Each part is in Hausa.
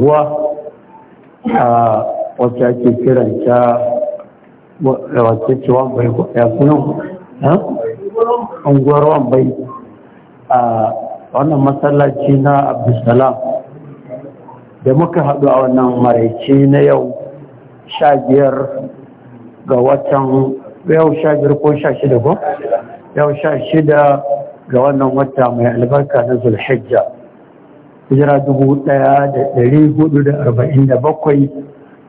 unguwa a wata ake kiranta wacce ce wambai ya kunan unguwar wambai a wannan masallaci na abdulsalam da muka haɗu a wannan maraice na yau sha biyar ga watan yau sha biyar ko sha shida ko yau sha shida ga wannan wata mai albarka na zulhijja hijira dubu ɗaya da ɗari hudu da arba'in da bakwai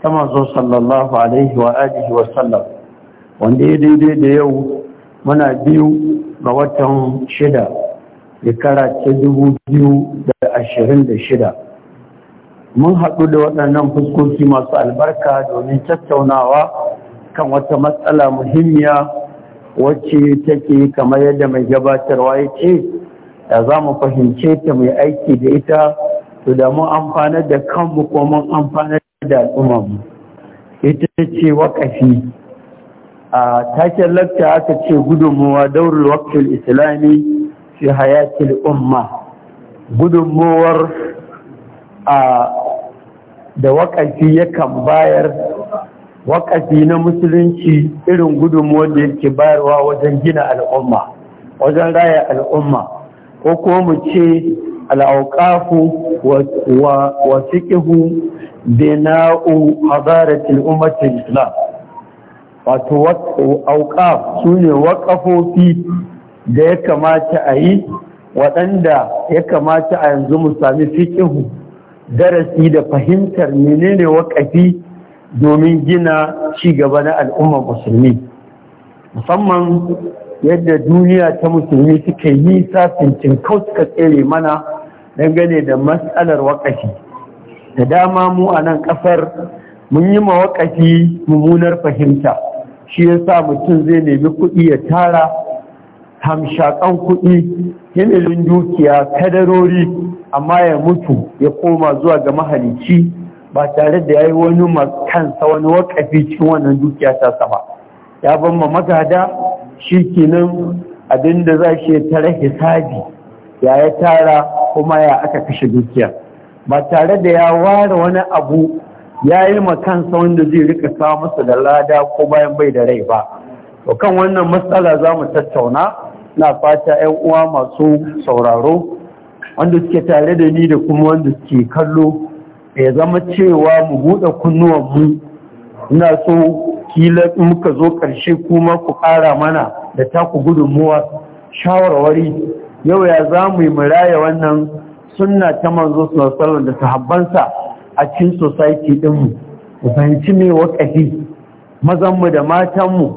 ta manzo sallallahu alaihi wa alihi wa sallam wanda ya daidai da yau muna biyu ga watan shida shekara ta dubu biyu da ashirin da shida mun haɗu da waɗannan fuskoki masu albarka domin tattaunawa kan wata matsala muhimmiya wacce take kamar yadda mai gabatarwa ya ce da za mu fahimce ta mai aiki da ita to da mu amfanar da kanmu ko mun amfanar da al'ummarmu ita ce wakafi. a taken lakta aka ce gudunmuwa daurul wakil islami fi hayatil umma gudunmuwar a da wakafi yakan bayar Wakafi na musulunci irin gudunmuwar da yake bayarwa wajen gina al'umma wajen raya al'umma ko ko mu ce al'auƙafu wa fiƙihu bina'u hadaratul ummatul islam wato auƙaf su ne waƙafofi da ya kamata a yi waɗanda ya kamata a yanzu mu sami fiƙihu darasi da fahimtar menene waƙafi domin gina ci gaba na al'ummar musulmi musamman yadda duniya ta musulmi suka yi safin kau suka tsere mana dangane da matsalar wakashi da dama mu a nan ƙasar mun yi ma mummunar fahimta shi ya sa mutum zai nemi kuɗi ya tara hamshakan kuɗi himilin dukiya kadarori amma ya mutu ya koma zuwa ga mahalici ba tare da ya yi wani kansa wani wakafi cikin wannan dukiya ta sama ya ban ma magada shi abin abinda za shi tara hisabi ya ya tara kuma ya aka kashe dukiya ba tare da ya ware wani abu ya yi makansa wanda zai rika sa masa da lada ko bayan bai da rai ba to kan wannan matsala za mu tattauna na fata 'yan uwa masu sauraro wanda suke tare da ni da kuma wanda suke kallo ya zama cewa mu buɗe kunnuwanmu ina so kila in muka zo ƙarshe kuma ku ƙara mana da taku gudunmuwa shawarwari yau ya za mu yi muraya wannan suna ta manzo sallallahu da sahabbansa a cikin society ɗinmu mu fahimci mai waƙafi mazanmu da matanmu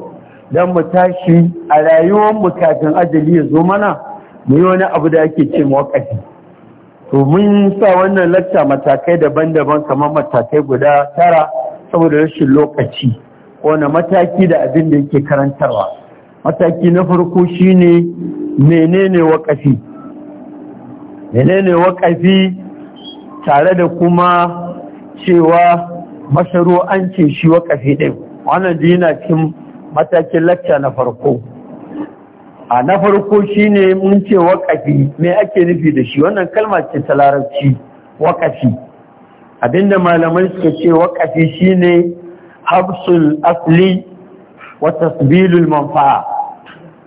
don mu tashi a rayuwarmu kafin ajali ya zo mana mu yi wani abu da ake ce waƙafi to mun sa wannan lacca matakai daban-daban kamar matakai guda tara saboda rashin lokaci wani mataki da abin da yake karantarwa mataki na farko shine menene waƙafi menene waƙafi tare da kuma cewa masharo an ce shi waƙafi ɗin wannan da yana cin matakin lacca na farko a na farko shine mun ce waƙafi me ake nufi da shi wannan kalma ce ta larabci waƙafi abinda malamai suka ce waƙafi shine habsul asli wa tasbilul manfa'a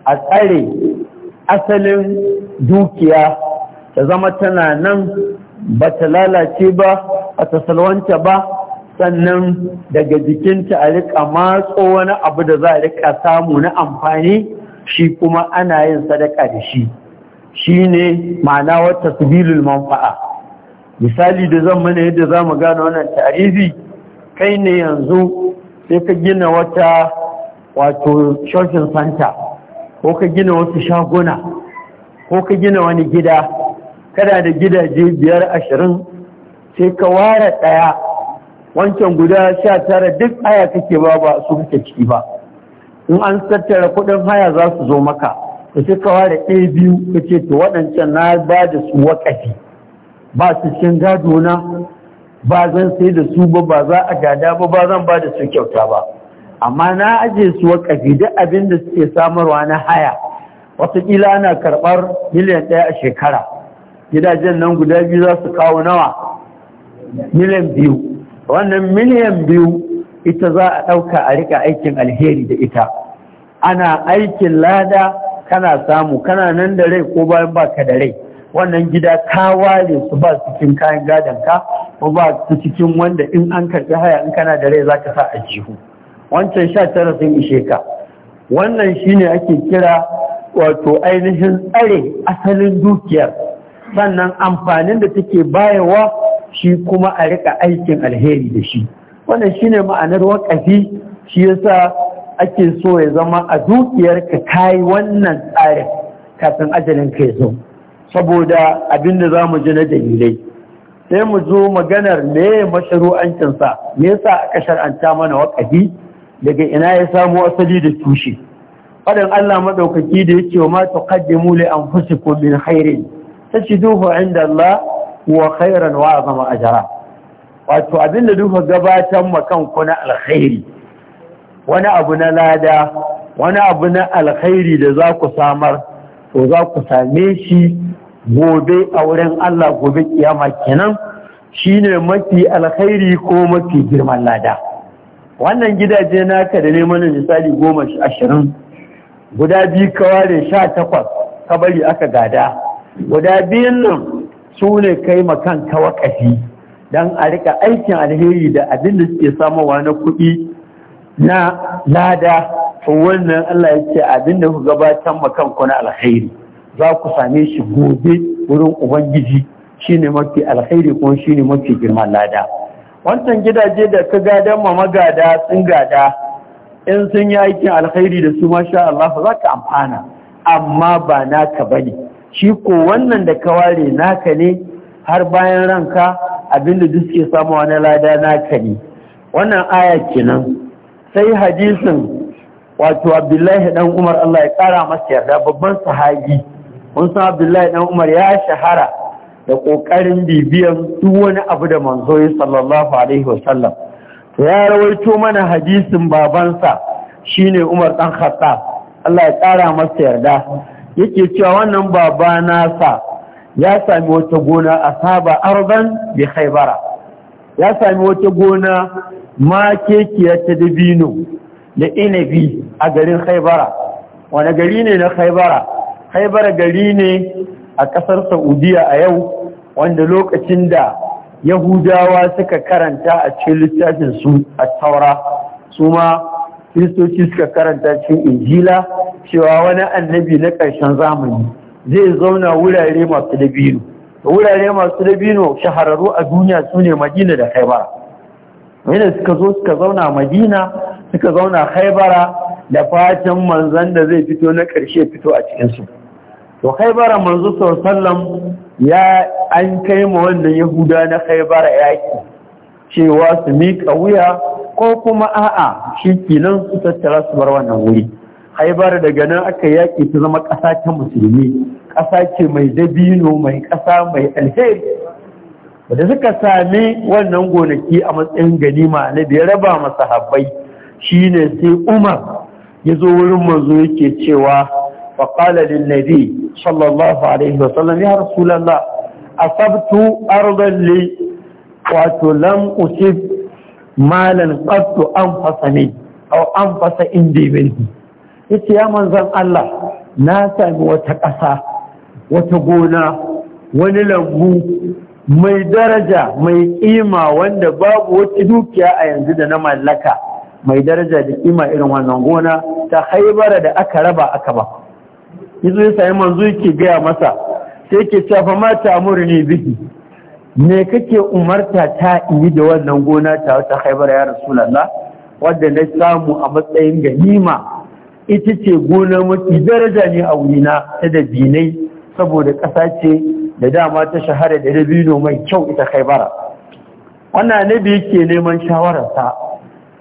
a tsare asalin dukiya ta zama tana nan ba lalace ba a tasalwanta ba sannan daga jikinta a rika matso wani abu da za a rika samu na amfani shi kuma ana yin sadaka da shi shi ne ma'ana wata sabilul manfa'a misali da zan mana yadda za mu gane wannan tarihi kai ne yanzu sai ka gina wata wato shopping center ko ka gina wasu shaguna ko ka gina wani gida kada da gidaje biyar ashirin sai ka ware ɗaya wancan guda sha tara duk haya kake ba ba su kake ciki ba in an tattara kuɗin haya za su zo maka ka sai ka ware ɗaya biyu ka ce to waɗancan na ba da su wakafi ba su cikin gado na ba zan sai da su ba ba za a gada ba ba zan ba da su kyauta ba amma na aje su wakafi duk abin da suke samarwa na haya watakila ana karɓar miliyan ɗaya a shekara gidajen nan guda biyu za su kawo nawa miliyan biyu wannan miliyan biyu ita za a ɗauka a rika aikin alheri da ita ana aikin lada kana samu kana nan da rai ko bayan baka da rai wannan gida ka ware su ba cikin kayan gadon ka ko ba ta cikin wanda in an karɓi haya in kana da rai za ka sa a jihu wancan sha tara sun ishe ka wannan shine ake kira wato ainihin tsare asalin dukiyar sannan amfanin da take bayawa shi kuma a rika aikin alheri da shi wannan shine ma'anar wakafi shi yasa ake so ya zama a dukiyar ka kayi wannan tsarin kafin ajalin ka ya zo saboda abinda za mu ji na dalilai sai mu zo maganar me masharu'ancinsa me yasa aka shar'anta mana waƙafi daga ina ya samo asali da tushe faɗin Allah madaukaki da yake wa ma tuqaddimu li anfusikum min khairin tajiduhu inda Allah wa khairan wa azama ajra wato abin da duka gabatan ma ku na alkhairi wani abu na lada wani abu na alkhairi da za ku samar to za ku same shi gobe a wurin Allah gobe kiyama kenan shine mafi alkhairi ko mafi girman lada wannan gidaje naka da neman misali goma ashirin guda biyu kaware sha takwas ka bari aka gada guda biyun nan su ne kai makan kawakafi don a rika aikin alheri da abin da suke samowa na kuɗi na lada wannan Allah ya ce abin da ku gabatar makan ku na alheri za ku same shi gobe wurin ubangiji shine mafi alkhairi kuma shine mafi girma lada wancan gidaje da ka gada ma magada sun gada in sun yi aikin alkhairi da su masha Allah za ka amfana amma ba naka ba ne. shi ko wannan da ka ware naka ne har bayan ranka abinda duk suke samuwa na lada naka ne wannan aya kenan sai hadisin wato abdullahi dan umar Allah ya kara masa yarda babban sahabi kun san abdullahi dan umar ya shahara da ƙoƙarin bibiyan duk wani abu da manzo ya sallallahu alaihi wasallam to ya rawaito mana hadisin babansa shine umar dan khatta Allah ya ƙara masa yarda yake cewa wannan baba nasa ya sami wata gona a saba arban bi khaybara ya sami wata gona ma kekiya ta dabino da inabi a garin khaybara wani gari ne na khaybara Haibar gari ne a ƙasar saudiya a yau wanda lokacin da yahudawa suka karanta a cikin littafin su a taura su ma kiristoci suka karanta cikin injila cewa wani annabi na ƙarshen zamani zai zauna wurare masu dabino wurare masu dabino shahararru a duniya sune ne madina da haibara wanda suka zo suka zauna madina suka zauna haibara da fatan manzan da zai fito na ƙarshe fito a cikinsu to haibara manzo sallam ya an kai ma wannan yahuda na haibara yaki cewa su miƙa wuya ko kuma a'a shi kinan su tattara su bar wannan wuri haibar daga nan aka yaƙi ta zama ƙasa ta musulmi ƙasa ce mai dabino mai ƙasa mai alheri da suka sami wannan gonaki a matsayin ganima na da ba raba masa shine sai umar ya zo wurin manzo yake cewa fa qala lin nabi sallallahu alaihi wasallam ya rasulullah asabtu ardan li wato lam usib malan qattu anfasani aw anfasa indi minhu yace ya manzon Allah na sami wata ƙasa wata gona wani lambu mai daraja mai ƙima wanda babu wata dukiya a yanzu da na mallaka mai daraja da kima irin wannan gona ta haibara da aka raba aka ba yanzu ya sami manzo yake gaya masa sai ke cewa mata amuri ne biki me kake umarta ta yi da wannan gona ta ta haibara ya rasulullah wanda na samu a matsayin ganima ita ce gona mafi daraja ne a wurina ta da binai saboda ƙasa ce da dama ta shahara da dabino mai kyau ita haibara wannan annabi yake neman shawararsa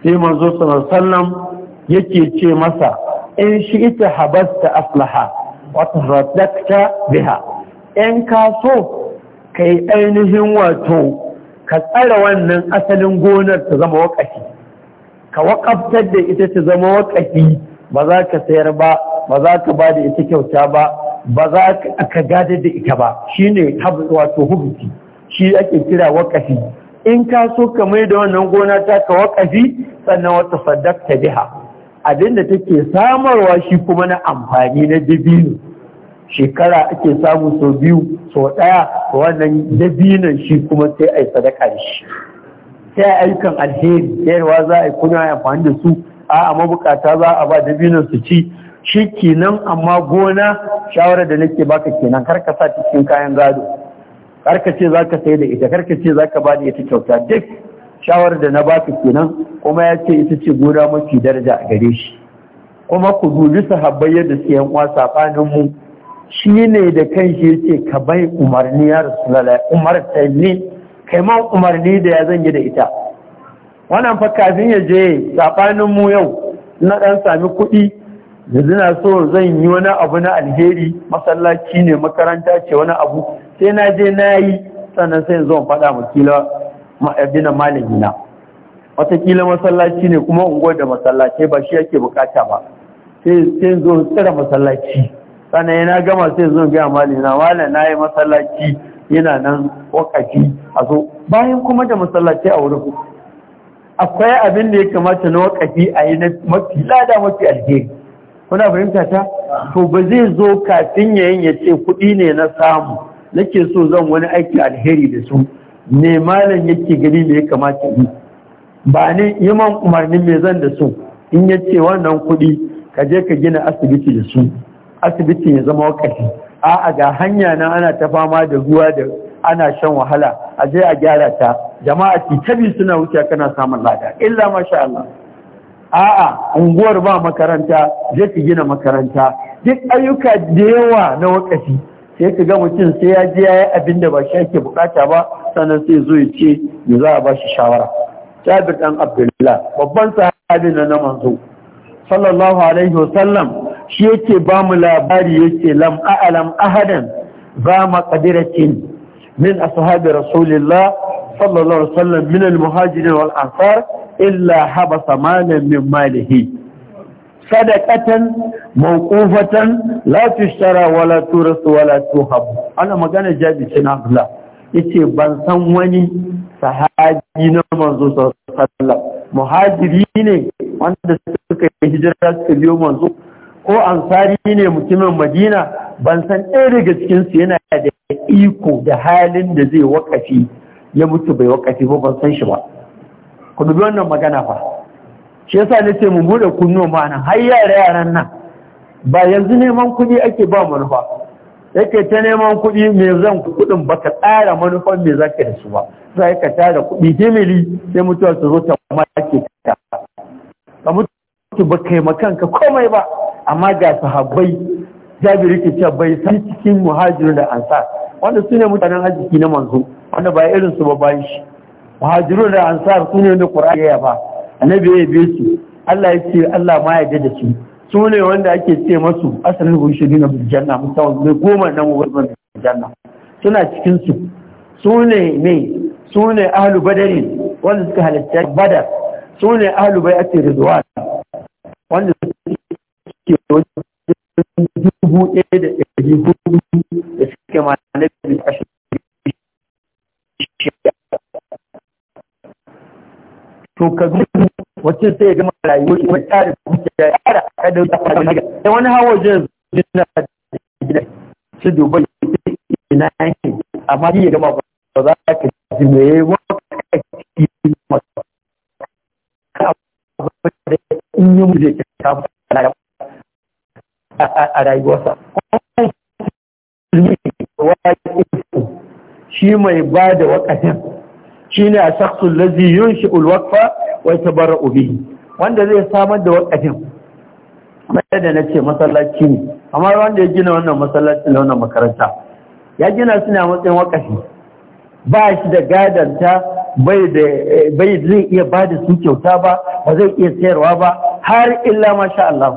sai manzo sallallahu yake ce masa in shi ita habasta aslaha wata radakta biha in ka so ka yi ainihin wato ka tsara wannan asalin gonar ta zama wakafi ka wakaftar da ita ta zama wakafi ba za ka sayar ba ba za ka ba da ita kyauta ba ba za ka gada da ita ba shine wato hubuti shi ake kira wakafi in ka so ka mai da wannan gona ta ka waƙafi sannan wata ta biha abinda take samarwa shi kuma na amfani na dabino shekara ake samu sau biyu sau ɗaya wannan dabinon shi kuma sai a yi sadaka da shi sai a ayyukan alheri yarwa za a yi kuna amfani da su a mabukata za a ba dabinon su ci shi kenan amma gona shawarar da nake baka kenan karka ka sa cikin kayan gado karka ce za ka sai da ita karka ce za ka ba ita kyauta duk shawar da na baka kenan kuma ya ce ita ce gona mafi daraja a gare shi kuma ku dubi sahabbai yadda su yan uwa safanin mu ne da kanshi yace ka bai umarni ya rasulullah umar ta ne kai ma umarni da ya zanye da ita wannan fa kafin ya je sabanin mu yau na dan sami kuɗi yanzu na so zan yi wani abu na alheri masallaci ne makaranta ce wani abu sai na je na yi sannan sai zo faɗa ma kila ma'abinan malami na watakila masallaci ne kuma unguwar da masallaci ba shi yake bukata ba sai zo tsira masallaci sannan yana gama sai zo gaya malami na wala na yi masallaci yana nan wakati. a zo bayan kuma da masallaci a wurin akwai abin da ya kamata na wakafi a yi na mafi lada mafi alheri kuna fahimta ta to ba zai zo kafin yayin ya ce kuɗi ne na samu nake so zan wani aiki alheri da su me malam yake gani me ya kamata yi ba ne yaman umarnin me zan da su in ya ce wannan kuɗi ka je ka gina asibiti da su asibitin ya zama wakati a'a ga hanya na ana ta fama da ruwa da ana shan wahala a je a gyara ta jama'a titabi suna wuce kana samun lada illa masha Allah a'a unguwar ba makaranta je ka gina makaranta duk ayyuka da yawa na wakati sai ka ga mutum sai ya je ya yi abin da ba shi yake bukata ba sannan sai zo ya ce me za a ba shi shawara jabir dan abdullah babban sahabi na na manzo sallallahu alaihi wasallam shi yake ba mu labari yake lam a'lam ahadan za ma qadiratin min ashabi rasulillah sallallahu alaihi wasallam min al-muhajirin wal ansar illa habasa malan min malihi sadaqatan mawqufatan la tushtara wala turasu wala tuhab ana magana jabi cin abdullah yace ban san wani sahabi na manzo sallallahu muhajiri ne wanda suka yi hijira suka biyo manzo ko ansari ne mutumin madina ban san ɗaya daga cikinsu yana da iko da halin da zai wakafi ya mutu bai wakafi ba ban san shi ba ku dubi wannan magana fa shi yasa ce mu bude kunno nan har yara yaran nan ba yanzu neman kuɗi ake ba manufa yake ta neman kuɗi me zan kuɗin baka tsara manufan me zaka da su ba sai ka tara kuɗi himili sai mutuwa ta zo ta make ka ka mutu ba kai ka komai ba amma ga sahabbai jabiri ke cewa bai san cikin muhajirin da ansar wanda su ne mutanen arziki na manzo wanda ba irin su ba bayan shi muhajirin da ansar su ne wanda qur'ani ya ba annabi ya bi su Allah ya ce Allah ma ya da su su ne wanda ake ce masu asalin hushiri na janna musamman mai goma na mubarban janna suna cikin su su ne ne su ne ahlu badari wanda suka halatta badar su ne ahlu bai ake rizuwa wanda suke wajen dubu ɗaya da ɗari hudu da suke ma na biyu ashirin to ka gudu wacce sai ya gama rayuwa shi wacce da kuma ya yara a da wata fara daga da wani hawa jin jina gida shi dubai ina yake amma ya gama ba za ka ji me ya yi wata in yi a rayuwarsa shi mai ba da shine a shakhsul ladhi yunshi'u al-waqfa wa yatabarra'u bihi wanda zai samar da waqafin kuma na ce masallaci ne amma wanda ya gina wannan masallaci da wannan makaranta ya gina su ne a matsayin wakafi. ba shi da gadanta bai zai iya ba da su kyauta ba ba zai iya sayarwa ba har illa masha Allah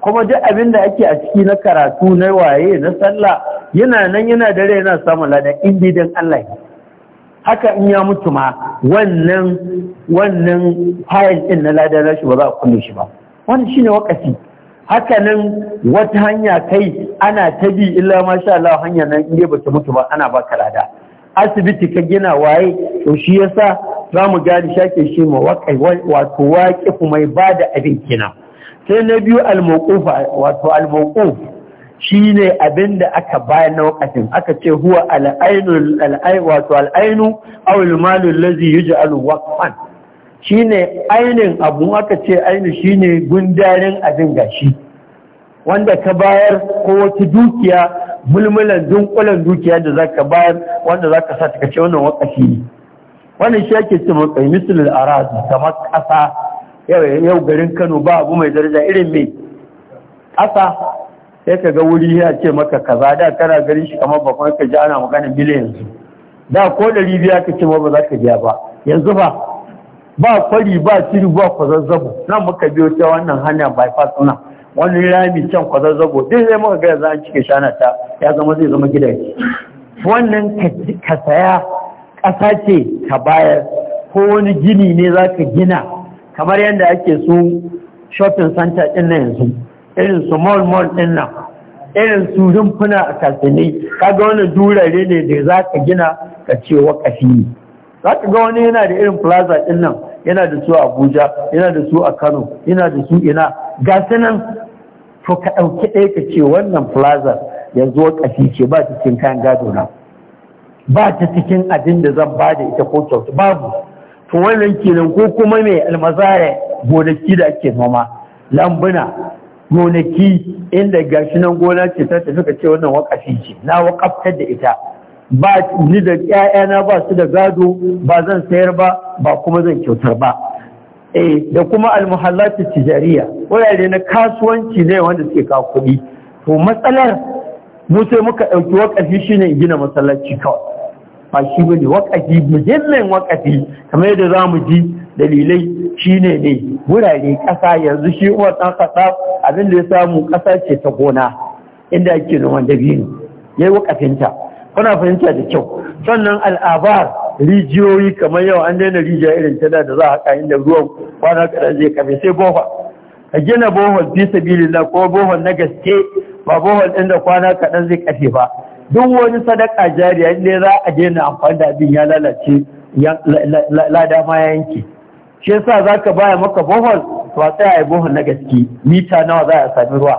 kuma duk abin da ake a ciki na karatu na waye na sallah yana nan yana dare yana samun ladan in dan Allah ne haka in ya mutu ma wannan wannan fayil din na ladan shi ba za a kulle shi ba wannan shine wakasi haka nan wata hanya kai ana ta bi illa masha Allah hanya nan in ba ta mutu ba ana baka lada asibiti ka gina waye to shi yasa za mu gani shake shi ma wato waƙi mai ba da abin kina sai na biyu almokufa wato almokuf Shi ne abin da aka bayar na wakafin aka ce huwa al'ainu wato al'ainu aw al-malu allazi yuj'alu Shi ne ainin abu aka ce ainu ne gundarin abin gashi wanda ka bayar ko wata dukiya mulmulan dunkulan dukiya da za ka bayar wanda za ka sa ta kace wannan wakafi ne wannan shi ake ce mai misalul arad kamar kasa yau garin Kano ba abu mai daraja irin mai ƙasa sai ka ga wuri ya ce maka kaza da kana garin shi kamar kuma ka ji ana magana miliyan yanzu da ko ɗari biya ka ce ma ba za ka biya ba yanzu ba ba kwari ba tiri ba kwazazzabo nan muka biyo ta wannan hanya bypass ɗin wani rami can kwazazzabo duk zai muka ga za a cike shana ta ya zama zai zama gidaje wannan ka saya ƙasa ce ka bayar ko wani gini ne za ka gina kamar yadda ake su shopping center ɗin na yanzu irin su mall mall ɗin nan irin su rumfuna a kasini ga wani durare ne da za ka gina ka ce wakafi ne za ka ga wani yana da irin plaza ɗin nan yana da su abuja yana da su a kano yana da su ina ga su to ka ɗauki ɗaya ka ce wannan plaza yanzu wakafi ce ba ta cikin kayan gado na ba ta cikin abin da zan ba ita ko kyautu babu to wannan kenan ko kuma mai almazare, gonaki da ake noma lambuna gonaki inda gashi nan gona ce ta tafi ka ce wannan wakafi ce na wakafta da ita ba ni da ƴaƴana ba su da gado ba zan sayar ba ba kuma zan kyautar ba eh da kuma almuhallatu tijariya wurare na kasuwanci ne wanda suke kawo kuɗi to matsalar mu sai muka ɗauki wakafi shine gina masallaci kawai ba shi bane wakafi muhimmin wakafi kamar yadda za mu ji dalilai shine ne wurare ƙasa yanzu shi uwar ɗan kasa abin da ya samu ƙasa ce ta gona inda ake noman dabino ya yi wakafinta kuna fahimta da kyau sannan al'abar rijiyoyi kamar yau an daina rijiya irin ta da za a haka inda ruwan kwana kaɗan zai kafe sai bohol ka gina bohol fi sabilillah ko bohol na gaske ba bohol ɗin da kwana kaɗan zai kafe ba duk wani sadaka jariya inda za a daina amfani da abin ya lalace lada ma ya yanke shi yasa ka baya maka bohol to a tsaya a bohol na gaske mita nawa za a sami ruwa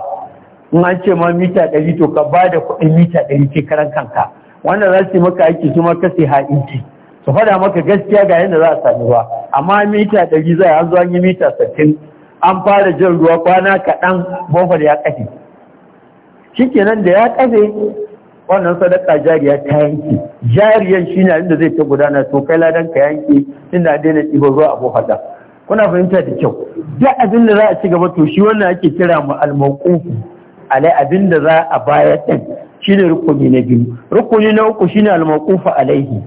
in an ce ma mita ɗari to ka ba da kuɗin mita ɗari ce karan kanka wanda za su yi maka aiki su kasi sai inci su faɗa maka gaskiya ga yadda za a sami ruwa amma mita ɗari za a an yi mita sittin an fara jan ruwa kwana kaɗan bohol ya ƙafe shikenan da ya ƙafe wannan sadaka jariya ta yanki jariyan shi ne inda zai ta gudana to kai ladan ka yanki inda daina ɗiba ruwa abu hada kuna fahimta da kyau duk abin da za a ci gaba to shi wannan ake kira mu almauqufu alai abin da za a bayar din shine rukuni na biyu rukuni na uku shine almauqufu alaihi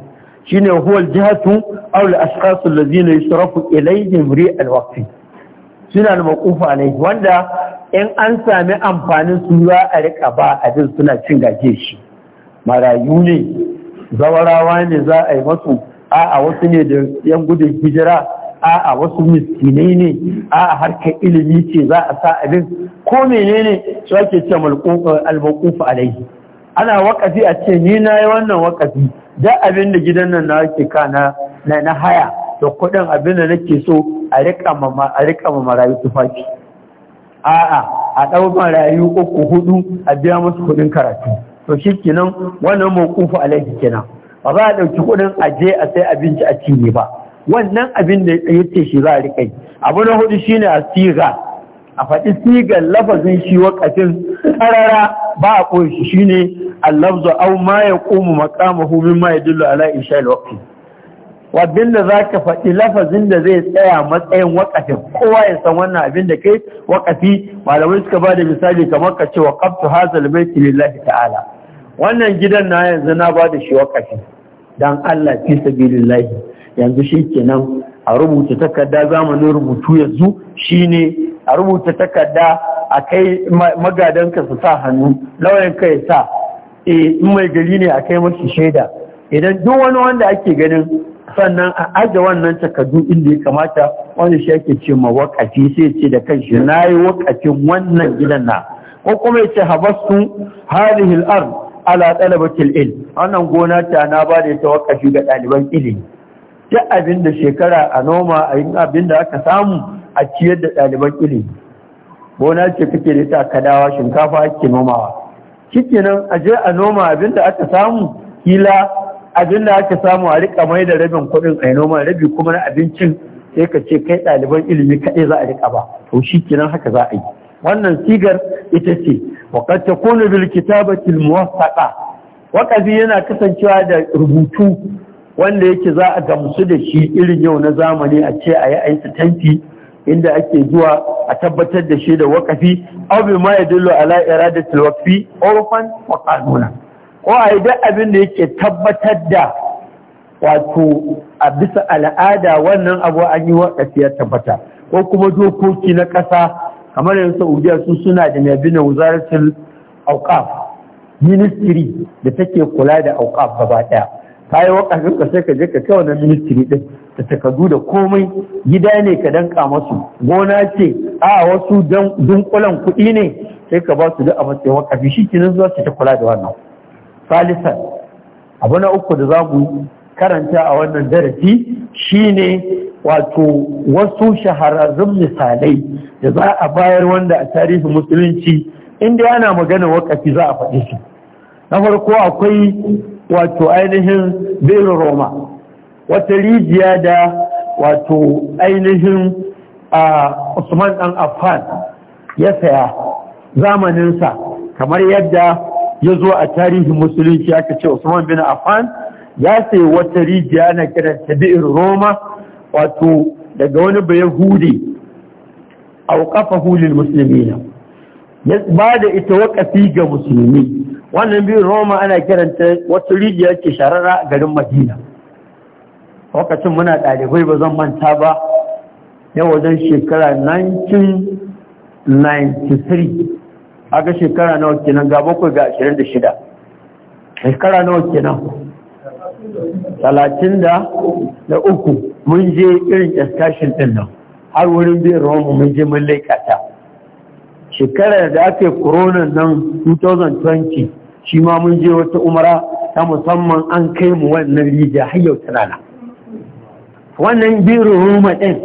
shine huwa aljihatu aw al-ashkhas yusrafu ilayhim ri al-waqti shine al-maqufu wanda in an sami amfanin su za a rika ba abin suna cin gaje shi marayu ne zawarawa ne za a yi masu a'a wasu ne da yan gudun hijira a'a wasu miskinai ne a harkar ilimi ce za a sa abin ko menene su ake ce almakufu alai? ana wakafi a ce ni na yi wannan wakafi da abin da gidan nan na ke ka na na haya da kuɗin abin da nake so a riƙa ma marayu tufafi a'a a ɗau marayu uku hudu a biya musu kuɗin karatu to shi kenan wannan mawqufu alaiki kenan ba za a ɗauki kuɗin aje a sai abinci a cinye ba wannan abin da ya ce shi za a riƙa yi abu na hudu shine a siga a faɗi sigar lafazin shi wakafin ƙarara ba a ƙoshi shine allafzu au ma ya ƙumu maƙamahu min ma ya dillu ala isha wakfi wadin da za ka faɗi lafazin da zai tsaya matsayin wakafin kowa ya san wannan abin da kai wakafi malamai suka ba da misali kamar ka ce waƙaftu hazal baiti lillahi ta'ala wannan gidan na yanzu na ba da shi wakafi don Allah fi sabilillahi yanzu shi kenan a rubuta takarda zamanin rubutu yanzu shi ne a rubuta takarda a kai magadanka su sa hannu lauyan ka ya sa eh, in mai gari ne a kai mashi shaida idan duk wani wanda ake ganin sannan a aje wannan takardu inda ya kamata wani shi ake ce ma wakafi sai ce da kanshi na yi wakafin wannan gidan na ko kuma ya ce habastu halihil ard ala talabatul ilm wannan gona ta na ba da wakafi ga ɗaliban ilimi duk abin da shekara a noma a yin abin aka samu a ciyar da ɗaliban ilimi gona ce kake da ita kadawa shinkafa ake nomawa shikenan a je a noma abin aka samu kila abinda da aka samu a rika mai da rabin kuɗin a noma rabi kuma na abincin sai ka ce kai ɗaliban ilimi kaɗai za a rika ba to shikenan haka za a yi wannan sigar ita ce wa qad takunu bil kitabati muwaffaqa waqazi yana kasancewa da rubutu wanda yake za a gamsu da shi irin yau na zamani a ce a yi aiki inda ake zuwa a tabbatar da shi da wakafi aw bi ma yadullu ala iradatil waqfi urfan wa qanuna ko a yi duk abin da yake tabbatar da wato a bisa al'ada wannan abu an yi wakafi ya tabbata ko kuma dokoki na ƙasa kamar yanzu saudiya su suna da mai bin aukaf auqaf ministry da take kula da aukaf gaba daya yi wakafin ka sai ka je ka kai wannan ministry din ta takardu da komai gida ne ka danka masu gona ce a wasu dunkulan kuɗi ne sai ka ba su da a matsayin fi shi kinin za su ta kula da wannan salisan abu na uku da za mu karanta a wannan darasi shine wato wasu shahararrun misalai da za a bayar wanda a tarihi musulunci inda yana magana wakafi za a faɗi su na farko akwai wato ainihin benin roma wata rijiya da wato ainihin a usman dan afan ya saya zamaninsa kamar yadda ya zo a tarihin musulunci aka ce usman bin Afan ya sayi wata rijiya na kiranta bi'in roma wato daga wani bai yahudi auqafahu lil muslimina ya ba da ita wakafi ga musulmi wannan biyu roma ana kiranta wata rijiya ke sharara a garin madina lokacin muna ɗalibai ba zan manta ba ya wajen shekara 1993 aga shekara nawa kenan ga bakwai ga 26 shekara nawa kenan 33 mun je irin excursion ɗin nan har wurin bin roma mun je mun laikata shekarar da aka koronan nan 2020 shi ma mun je wata umara ta musamman an kai mu wannan rijiya har yau rana wannan bin roma ɗin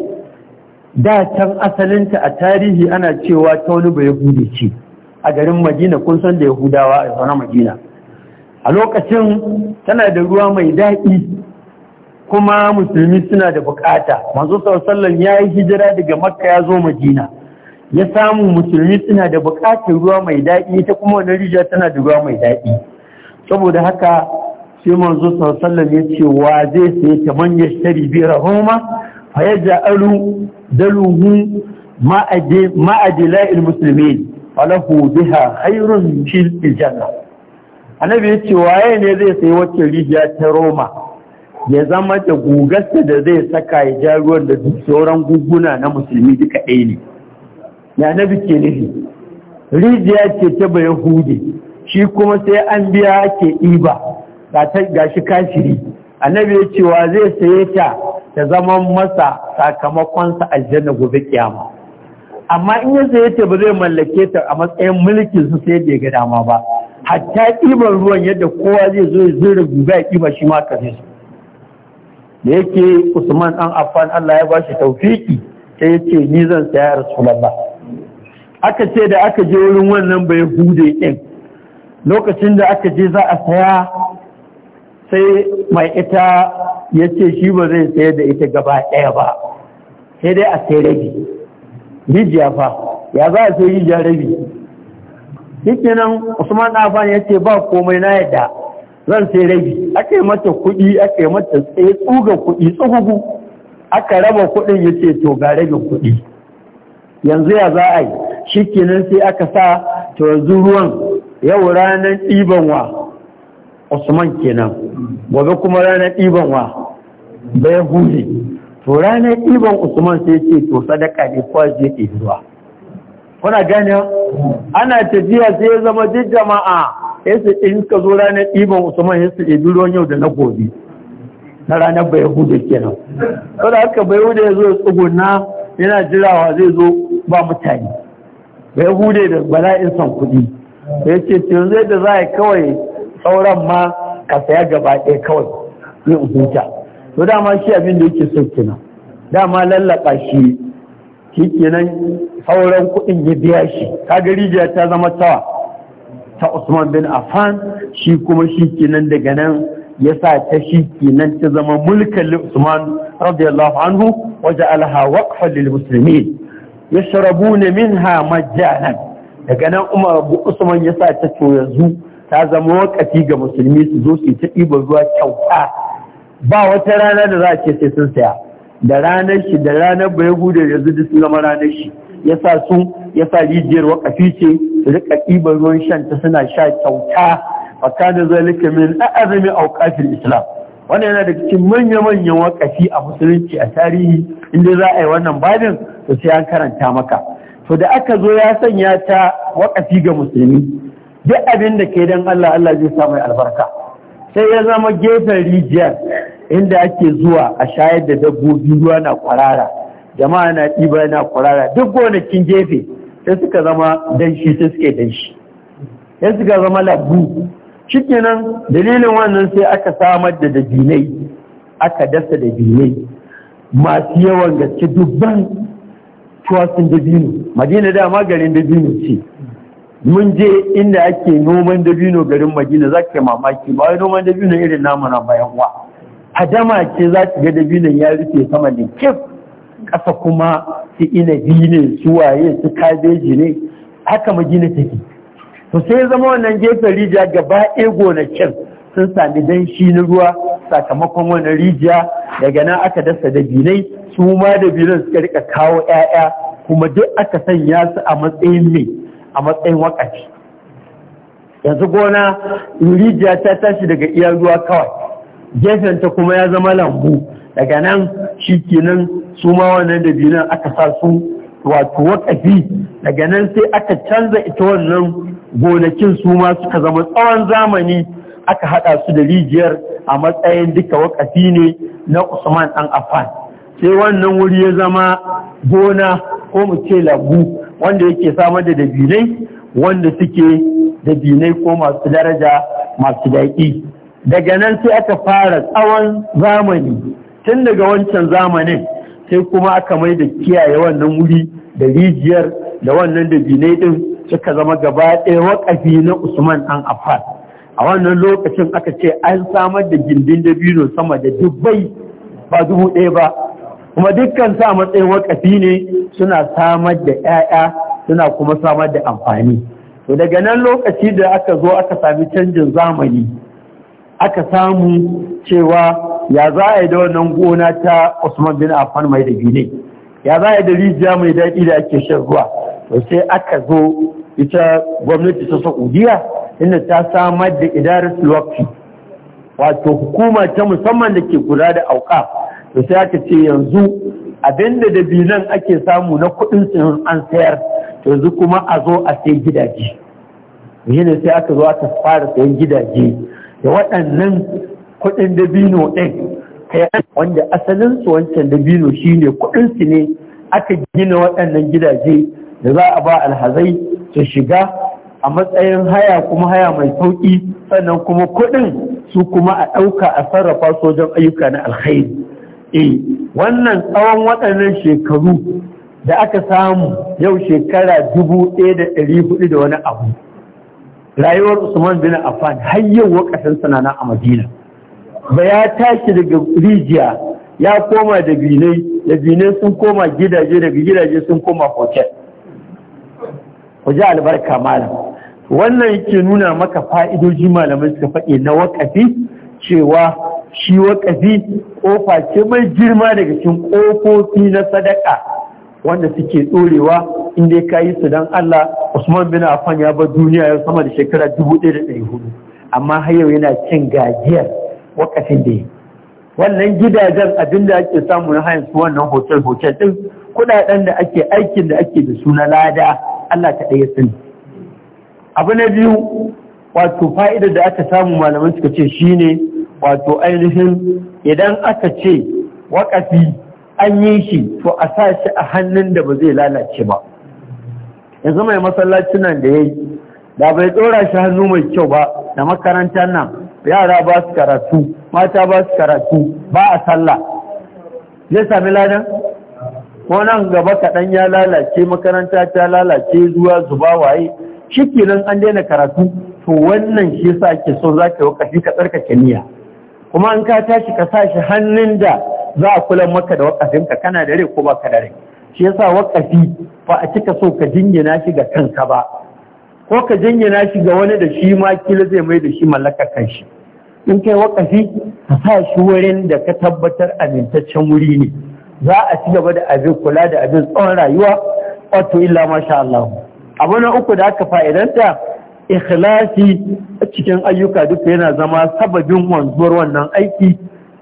da can asalinta a tarihi ana cewa ta wani bai bude ce a garin madina kun san da yahudawa a madina a lokacin tana da ruwa mai daɗi kuma musulmi suna da bukata manzo sallallahu ya yi hijira daga makka ya zo madina ya samu musulmi suna da bukatar ruwa mai daɗi ta kuma wani rijiya tana da ruwa mai daɗi saboda haka sai manzo sallallahu ya ce wa zai sai ta manyan shari biyar roma fa yaj'alu daluhu ma'adi ma'adila'il falahu biha khairun fil janna annabi ya ce waye ne zai sai wacce rijiya ta roma ya zama da gugarsa da zai saka ya ja ruwan da duk sauran guguna na musulmi duka ɗaya ne ya nabi ke nufi rijiya ce ta bai hudi shi kuma sai an biya ke iba ga shi kashiri annabi ya cewa zai saye ta ta zama masa sakamakonsa aljanna gobe kiyama amma in ya saye ta ba zai mallake ta a matsayin mulkin su sai da ya ga dama ba hatta ɗiban ruwan yadda kowa zai zo ya zira guga ya ɗiba shi ma kafin su da yake Usman dan Affan Allah ya ba shi taufiki sai ya ce ni zan saya lalla aka ce da aka je wurin wannan bai hude din lokacin da aka je za a saya sai mai ita ya ce shi ba zai sayar da ita gaba ɗaya ba sai dai a sai rabi rijiya fa ya za a sai rijiya rabi shi kenan Usman Affan ya ce ba komai na yadda zan sai rabi aka yi mata kuɗi aka yi mata tsaye tsuga kuɗi tsuhugu aka raba kuɗin ya ce to ga rabin kuɗi yanzu ya za a yi shi kenan sai aka sa to yanzu ruwan yau ranar ɗiban wa usman kenan gobe kuma ranar ɗiban wa bai hure to ranar ɗiban usman sai ce to sadaka ne kwa je ɗibi ruwa kuna gani ana tafiya sai ya zama duk jama'a yasu in ka zo ranar ɗiban usman ya ɗibi ruwan yau da na gobe na ranar bai hudu kenan kada haka bai hudu ya zo ya tsuguna yana jirawa zai zo ba mutane bai hudu da bala'in san kuɗi ya ce yanzu da za a yi kawai tsauran ma ka saya gaba ɗaya kawai yin huta to dama shi abin da yake so kenan dama lallaɓa shi shi kenan sauran kuɗin ya biya shi kaga rijiya ta zama tawa ta Usman bin Affan shi kuma shi kenan daga nan ya sa ta shi kenan ta zama mulkan Usman radiyallahu anhu waje alha waqfan lil muslimin yashrabuna minha nan. daga nan Umar Usman ya sa ta to yanzu ta zama wakati ga musulmi su zo su ta ɗiba ruwa kyauta ba wata rana da za a ce sai sun saya da ranar shi da ranar bai hudu yanzu duk sun zama ranar shi ya sa su ya sa rijiyar wakafi ce rika ɗiban ruwan shan ta suna sha kyauta a kanin zalika min a'azami auqatil islam wannan yana da cikin manya-manyan wakafi a musulunci a tarihi inda za a yi wannan babin to sai an karanta maka to da aka zo ya sanya ta wakafi ga musulmi duk abin da ke dan Allah Allah zai sa mai albarka sai ya zama gefen rijiyar inda ake zuwa a shayar da dabbobi ruwa na kwarara jama'a na ɗiba na kurara duk gonakin gefe sai suka zama danshi sai suke danshi sai suka zama labu shikenan dalilin wannan sai aka samar da dabinai aka dasa dabinai masu yawan gaske dubban tuwasin dabino madina dama garin dabino ce mun je inda ake noman dabino garin madina za ka mamaki ba wai noman dabino irin namu na bayan wa hadama ce za ki ga dabinon ya rufe sama da kif ƙasa kuma su inabi ne su waye su kabeji ne haka magina take to sai zama wannan gefen rijiya gaba na gonakin sun sami danshi na ruwa sakamakon wannan rijiya daga nan aka dasa dabinai su ma dabinan suka rika kawo 'ya'ya kuma duk aka sanya su a matsayin mai a matsayin wakaci yanzu gona rijiya ta tashi daga iya ruwa kawai Gefen ta kuma ya zama lambu daga nan shi kenan su ma wannan dabinan aka sa su wato wakafi daga nan sai aka canza ita wannan gonakin su ma suka zama tsawon zamani aka hada su da rijiyar a matsayin duka wakafi ne na usman dan afan sai wannan wuri ya zama gona ko mu ce lagu wanda yake samar da dabinai wanda suke dabinai ko masu daraja masu daƙi daga nan sai aka fara tsawon zamani tun daga wancan zamanin sai kuma aka mai da kiyaye wannan wuri da rijiyar da wannan da binai din suka zama gaba ɗaya waƙafi na usman an afar. a wannan lokacin aka ce an samar da gindin dabino sama da dubbai ba dubu ɗaya ba kuma dukkan sa matsayin wakafi ne suna samar da 'ya'ya suna kuma samar da amfani to daga nan lokaci da aka zo aka sami canjin zamani aka samu cewa ya za a yi da wannan gona ta Usman bin Affan mai da gine ya za a yi da rijiya mai daɗi da ake shan ruwa to sai aka zo ita gwamnati ta Saudiya inda ta samar da idaris lokaci wato hukuma ta musamman da ke kula da auka to sai aka ce yanzu abinda da binan ake samu na kuɗin sun an sayar to yanzu kuma a zo a sai gidaje shi ne sai aka zo aka fara sayan gidaje da waɗannan kuɗin dabino ɗin kai wanda asalin su wancan dabino ne kuɗin su ne aka gina waɗannan gidaje da za a ba alhazai su shiga a matsayin haya kuma haya mai sauƙi sannan kuma kuɗin su kuma a ɗauka a sarrafa su ayyuka na alkhairi eh wannan tsawon waɗannan shekaru da aka samu yau shekara dubu ɗaya da ɗari hudu da wani abu rayuwar Usman bin Affan har yau wakashin sanana a Madina ba ya tashi daga rijiya ya koma da binai da binai sun koma gidaje daga gidaje sun koma hotel Waje albarka malam wannan yake nuna maka fa'idoji malamai suka faɗi na wakafi cewa shi wakafi ƙofa ce mai girma daga cikin ƙofofi na sadaka wanda suke ɗorewa inda ka yi su don Allah Usman bin Affan ya bar duniya yau sama da shekara dubu ɗaya da hudu. amma har yau yana cin gajiyar wakafin da yi wannan gidajen abin da ake samu na hayan su wannan hotel hotel din kuɗaɗen da ake aikin da ake da su na lada Allah ta ɗaya sani abu na biyu wato fa'idar da aka samu malaman suka ce shine wato ainihin idan aka ce wakafi an yi shi to a sa shi a hannun da ba zai lalace ba yanzu mai masallacin nan da ya yi da bai tsora shi hannu mai kyau ba da makarantar nan yara ba su karatu mata ba su karatu ba a sallah zai sami ladan ko nan gaba kaɗan ya lalace makaranta ta lalace zuwa zuba waye nan an daina karatu to wannan shi sa ke so za ka yi wakafi ka tsarkake niyya kuma an ka tashi ka sa shi hannun da za a kula maka da wakafinka kana da rai ko ba ka da rai shi yasa wakafi ba a cika so ka jingina shi ga kanka ba ko ka jingina shi ga wani da shi ma kila zai mai da shi mallakar kanshi in kai wakafi ka sa shi wurin da ka tabbatar amintaccen wuri ne za a ci gaba da abin kula da abin tsawon rayuwa wato illa masha Allah abu na uku da aka fa'idanta ikhlasi cikin ayyuka duka yana zama sababin wanzuwar wannan aiki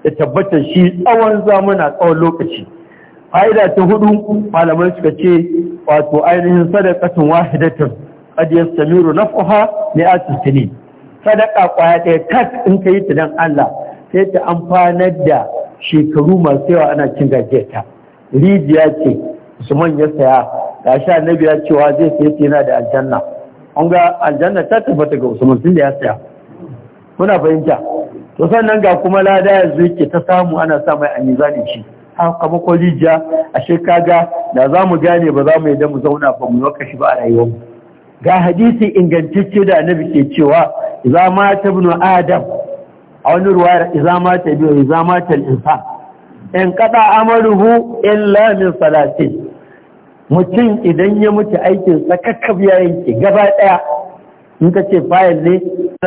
da tabbatar shi tsawon zamana tsawon lokaci fa'ida ta hudu malamai suka ce wato ainihin sadakatun wahidatun na yastamiru naf'uha a sinin sadaka kwaya ɗaya kat in ka yi ta don Allah sai ta amfanar da shekaru masu yawa ana cin gajeta rijiya ce Usman ya saya gashi annabi ya cewa zai sai yana da aljanna an ga aljanna ta tabbata ga Usman tun da ya saya muna fahimta to sannan ga kuma lada yanzu yake ta samu ana sa mai a mizanin shi kama kolija a shekaga da za mu gane ba za mu yi da mu zauna ba mu yaka shi ba a rayuwar ga hadisi ingantacce da annabi ke cewa ma mata bin adam a wani za ma ta biyo za mata ta insan in kada amaruhu illa min salatin mutum idan ya mutu aikin sa kakkab ya yanke gaba daya in ka ce fayil ne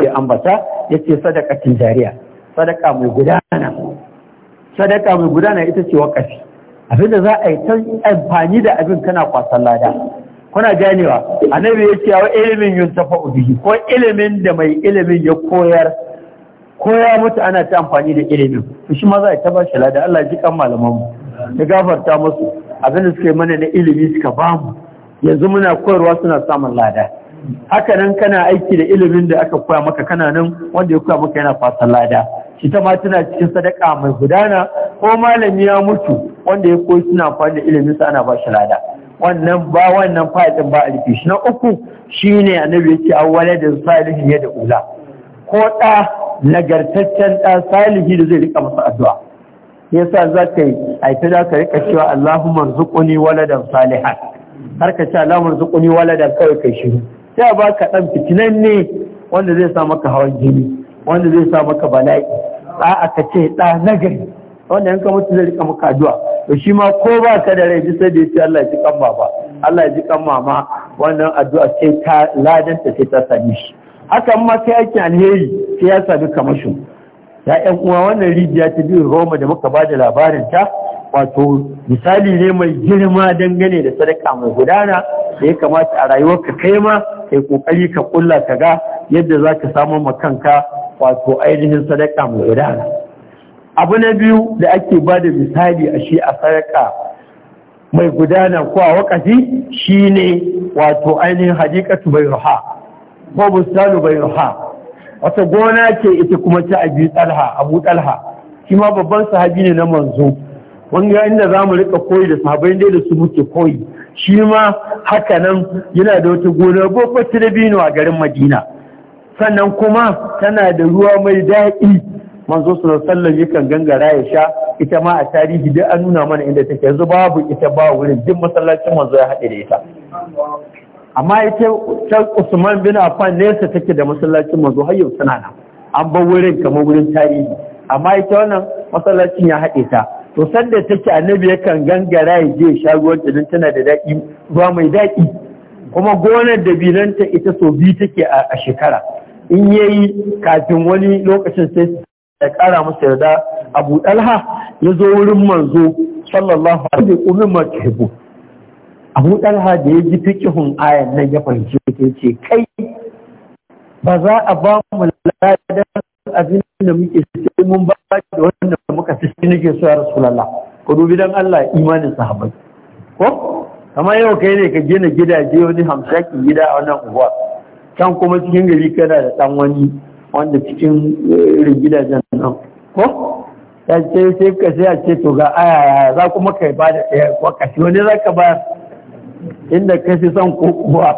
ya ambata Ya sadaka tun jariya sadaka mai gudana sadaka mai gudana ita ce wakafi abinda za a yi ta amfani da abin kana kwasan lada kuna ganewa annabi ya ce wa ilimin tafa ubihi ko ilimin da mai ilimin ya koyar koya mutu ana ta amfani da ilimin to shi ma za a ta bashi lada Allah ji kan malaman mu ya gafarta masu. Abinda suka yi mana na ilimi suka bamu yanzu muna koyarwa suna samun lada haka nan kana aiki da ilimin da aka koya maka kana nan wanda ya koya maka yana fasa lada ta ma tana cikin sadaka mai gudana ko malami ya mutu wanda ya koyi suna amfani da ilimin sa ana ba lada wannan ba wannan fa'idin ba a rufe shi na uku shine annabi yake awwala da Salihu ya da ula ko da nagartaccen da salihi da zai rika masa addu'a yasa zaka ka yi ai ta za rika cewa Allahumma rzuqni waladan salihan har ka ce Allahumma rzuqni waladan kawai kai shiru sai a baka ɗan fitinan ne wanda zai sa maka hawan jini wanda zai sa maka bala'i a aka ce ɗa nagari wanda yanka mutu zai rika maka addu'a to shi ma ko ba ka da rai bisa da yace Allah ya ji kan baba Allah ya ji kan mama wannan addu'a sai ta ladanta sai ta sami shi haka ma sai aikin alheri sai ya sami kamashin ya ƴan uwa wannan rijiya ta biyu Roma da muka ba da labarin ta wato misali ne mai girma dangane da sadaka mai gudana da ya kamata a ka kai ma kai kokari ka kulla ka ga yadda za ka samu ma kanka wato ainihin sadaka mai gudana abu na biyu da ake ba da misali a shi a sadaka mai gudana ko a wakati shine wato ainihin hadikatu bai ruha ko bustanu bai ruha wata gona ce ita kuma ta biyu abu talha shi ma babban sahabi ne na manzo wanga inda za mu rika koyi da sahabai dai da su muke koyi shi ma haka nan yana da wata gona gobe tirbino a garin madina sannan kuma tana da ruwa mai daɗi manzo su sallan yakan gangara ya sha ita ma a tarihi dai an nuna mana inda take yanzu babu ita ba wurin duk masallacin manzo ya haɗe da ita amma ita ta Usman bin Affan nesa take da masallacin manzo har yau tana nan an bar wurin kamar wurin tarihi amma ita wannan masallacin ya haɗe ta to sanda take annabi yakan gangara ya je sha ruwan tana da daɗi ruwa mai daɗi kuma gonar da binanta ita so biyu take a shekara in yayi kafin wani lokacin sai ya ƙara masa yarda abu ɗalha ya zo wurin manzo sallallahu alaihi wa sallam ma abu ɗalha da ya ji fikihun ayan nan ya fahimci ce kai ba za a ba mu ladan abin da muke sai mun ba da wanda muka shi, nake so ya rasulullah ku dubi dan Allah imanin sahabbai ko amma yau kai ne ka gina gidaje wani hamsaki gida a wannan uwa can kuma cikin gari kana da dan wani wanda cikin eh, irin gidajen nan ko ya ce sai ka sai a ce to ga aya za kuma kai ba da ɗaya ko kashi wani za ka ba inda ka fi son ko kuwa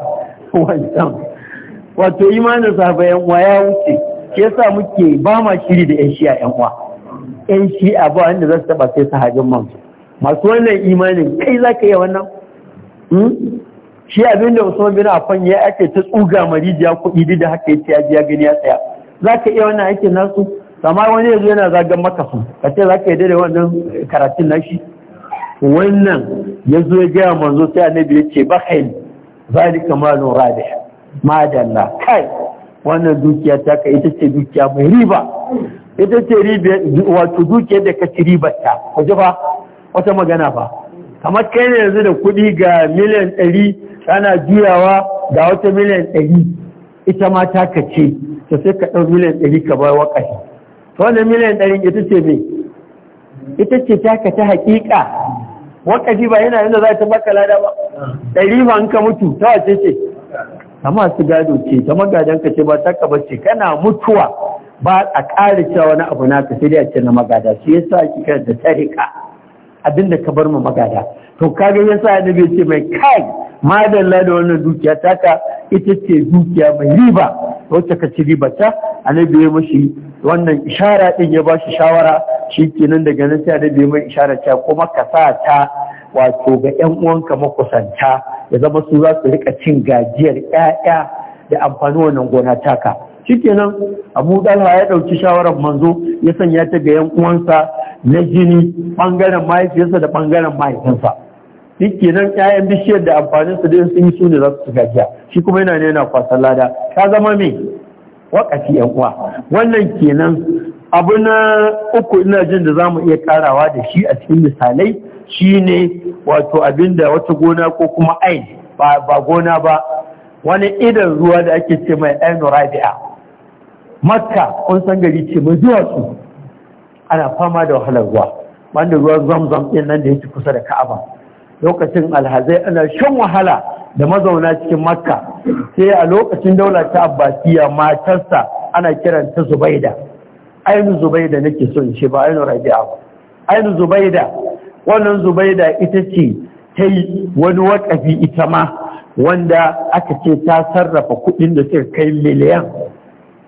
wancan wato imanin sahabbai yan ya wuce ke sa muke ba ma shiri da yan shi'a yan uwa yan shi'a ba wanda za su taba sai sahabin manzo masu wannan imanin kai za ka iya wannan hmm? shi abin da usman bin affan ya ake ta tsuga marijiya kuɗi da haka ya ce ya gani ya tsaya za ka iya wannan aikin nasu Sama wani yanzu yana zagan maka su ka ce za ka yi da wannan karatun nashi wannan ya zo ya gaya manzo sai annabi ya ce kamar zalika malun radih madalla kai wannan dukiya ta ka ita ce dukiya mai riba ita ce wato dukiyar da ka ci ribarta ta ji fa wata magana fa kamar kai ne yanzu da kuɗi ga miliyan ɗari ana juyawa ga wata miliyan ɗari ita ma ta ka ce to sai ka ɗau miliyan ɗari ka bai wakashi to wannan miliyan ɗari ita ce me ita ce ta ka ta haƙiƙa wakashi ba yana yanda za ta baka lada ba ɗari ba in ka mutu ta wace ce ta masu gado ce ta magadanka ce ba ta kaba ce kana mutuwa ba a ƙara cewa wani abu na ka sai a ce na magada shi yasa ake kira da tarika abin da ka bar mu magada to kaga yasa annabi ce mai kai madalla da wannan dukiya ka ita ce dukiya mai riba wacce ka ci riba ta annabi ya mashi wannan ishara din ya ba shi shawara shi daga nan sai bai mai ishara ta kuma ka sa ta wato ga 'yan uwanka makusanta ya zama su za su rika cin gajiyar 'ya'ya da amfani wannan gona taka shikenan abu dalha ya ɗauki shawarar manzo ya sanya ta ga yan uwansa na jini ɓangaren mahaifiyarsa da ɓangaren mahaifinsa shikenan 'ya'yan bishiyar da amfanin su dai sun yi su ne za su gajiya shi kuma yana ne yana kwasan lada ta zama me wakati yan uwa wannan kenan abu na uku ina jin da za mu iya karawa da shi a cikin misalai Shi ne wato abin da wata gona ko kuma ain ba gona ba wani idan ruwa da ake ce mai ainu rabi'a makka kun san gari ce mai zuwa su ana fama da wahalar ruwa wanda ruwan zamzam ɗin nan da yake kusa da ka'aba lokacin alhazai ana shan wahala da mazauna cikin makka sai a lokacin daular ta abbasiya matarsa ana kiranta zubaida ainu zubaida nake so in ce ba ainu rabi'a ba ainu zubaida wannan zubaida ita ce ta yi wani wakafi ita ma wanda aka ce ta sarrafa kuɗin da suka kai miliyan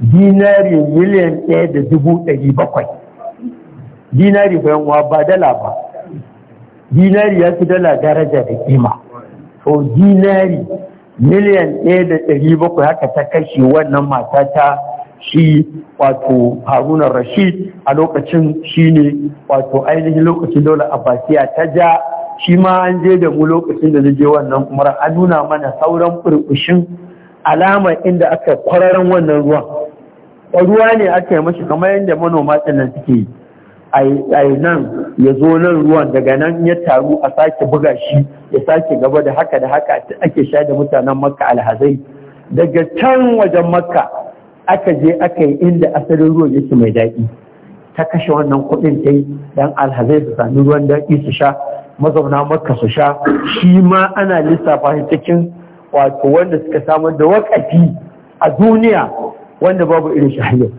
dinari miliyan ɗaya da dubu ɗari bakwai dinari bayanwa ba dala ba dinari ya fi dala daraja da kima to dinari miliyan ɗaya da ɗari bakwai haka ta kashe wannan mata ta shi wato haruna rashid a lokacin shi ne wato ainihin lokacin daular abbasiya ta ja shi ma an je da mu lokacin da je wannan kuma an nuna mana sauran furkushin alama inda aka kwararan wannan ruwan ruwa ne aka yi mashi kamar yadda manoma tsanan suke yi nan ya zo nan ruwan daga nan ya taru a sake buga shi ya sake gaba da haka da haka ake sha da mutanen makka alhazai daga can wajen makka aka je aka yi inda asalin ruwan yake mai daɗi ta kashe wannan kuɗin dai dan alhazai su sami ruwan daɗi su sha mazauna makka su sha shi ma ana lissafa shi cikin wato wanda suka samar da wakafi a duniya wanda babu irin shi hanyar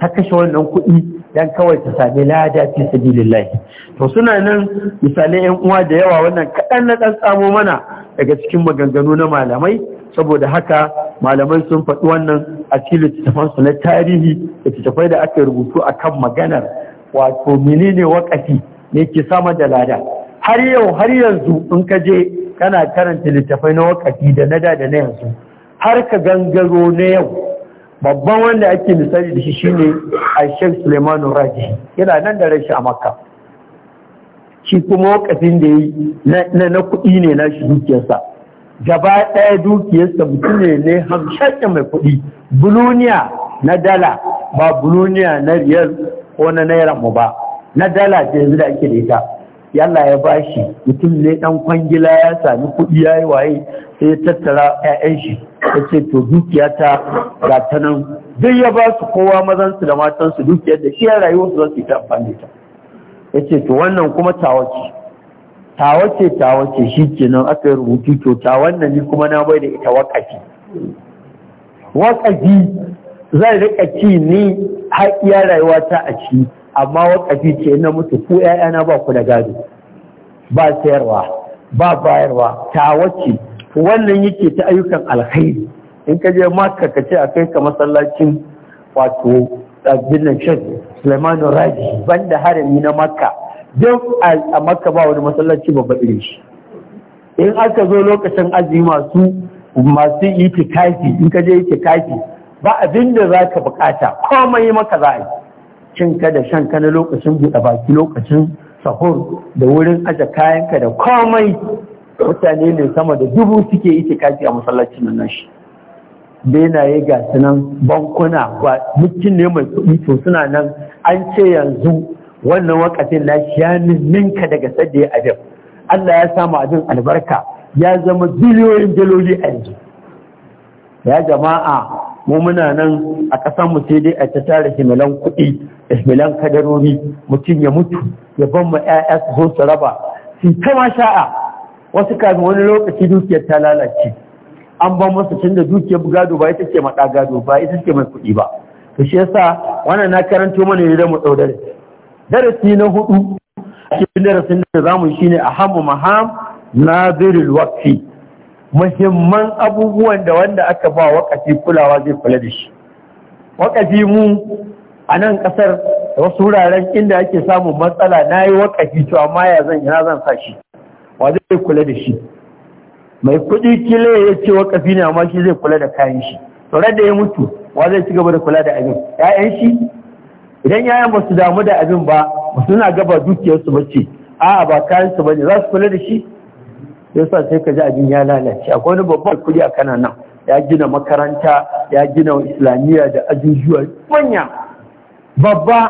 ta kashe wannan kuɗi dan kawai ta sami lada fi sabilillahi to suna nan misalai yan uwa da yawa wannan kaɗan na ɗan tsamo mana daga cikin maganganu na malamai saboda haka malamai sun faɗi wannan a cikin littattafan na tarihi littattafai da aka rubutu a kan maganar wato menene wakati ne ke samar da lada har yau har yanzu in ka je kana karanta littattafai na wakati da na da na yanzu har ka gangaro na yau babban wanda ake misali da shi shine Sheikh Suleiman Raji yana nan da rashi a Makka shi kuma wakafin da ya yi na kuɗi ne na shi dukiyarsa gaba ɗaya dukiyarsa mutum ne ne mai kuɗi buluniya na dala ba buluniya na riyal ko na naira mu ba na dala ce yanzu da ake da ita yalla ya bashi mutum ne ɗan kwangila ya sami kuɗi ya yi waye sai ya tattara 'ya'yan shi ya ce to dukiya ta ga ta nan duk ya ba su kowa mazansu da matansu dukiyar da shi ya su za su yi ta amfani da ita ya ce to wannan kuma tawa ce tawa ce tawa ce shi kenan aka yi rubutu to ta wannan ni kuma na bai da ita wakafi wakafi zai rika ci ni har iya rayuwa ta a ci amma wakafi ce na mutu ko ƴaƴana ba ku da gado ba sayarwa ba bayarwa tawa ce wannan yake ta ayyukan alkhairi in ka je maka ka ce a kai ka masallacin wato abin nan shek Sulaiman Raji banda harami na Makka duk a makka ba wani masallaci babba irin shi in aka zo lokacin azumi masu masu itikafi in ka je itikafi ba abin da za ka bukata komai maka za a yi ka da ka na lokacin buɗe baki lokacin sahur da wurin aje ka da komai mutane ne sama da dubu suke itikafi a masallacin nan shi benaye ga yi bankuna ba mutum ne mai kuɗi to suna nan an ce yanzu wannan wakafin na ya ninka daga sadiya ya abin Allah ya samu abin albarka ya zama biliyoyin daloli a yanzu ya jama'a mu muna nan a ƙasar mu sai dai a ta tara himilan kuɗi da himilan kadarori mutum ya mutu ya ban mu ƴaƴa su zo su raba su ta ma sha'a wasu kafin wani lokaci dukiyar ta lalace an ban masu cin da dukiyar gado ba ita ce maɗa gado ba ita ce mai kuɗi ba to shi yasa wannan na karanto mana ne da mu ɗaudare darasi na hudu cikin darasin da zamu shine ahammu maham nadirul waqfi muhimman abubuwan da wanda aka ba wakafi kulawa zai kula da shi wakafi mu a nan kasar wasu wuraren inda ake samun matsala na yi wakafi to amma ya zan ina zan sa shi wa zai kula da shi mai kuɗi kile ya ce wakafi ne amma shi zai kula da kayan shi tsoron da ya mutu wa zai ci gaba da kula da abin 'ya'yan shi idan yayan basu damu da abin ba suna gaba dukiyarsu ba ce a'a ba kayansu ba ne. za su kula da shi sa sai ka ji abin ya lalace akwai wani babban kudi a kana nan ya gina makaranta ya gina islamiyya da ajujuwa manya babba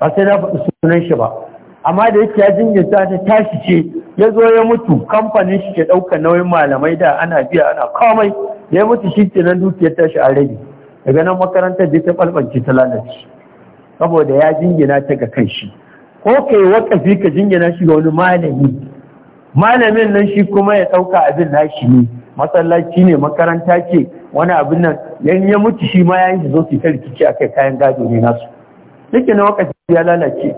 ba sai na faɗi sunan shi ba amma da yake ya jinyata ta tashi ce ya zo ya mutu kamfanin shi ke ɗaukar nauyin malamai da ana biya ana komai ya mutu shi ke nan dukiyar tashi a rage daga nan makarantar da ta ɓalɓance ta lalace saboda ya jingina ta ga shi ko kai wakafi ka jingina shi ga wani malami malamin nan shi kuma ya ɗauka abin nashi ne masallaci ne makaranta ce wani abin nan yan ya mutu shi ma yayin da zo su ta rikici a kayan gado ne nasu duk na wakafi ya lalace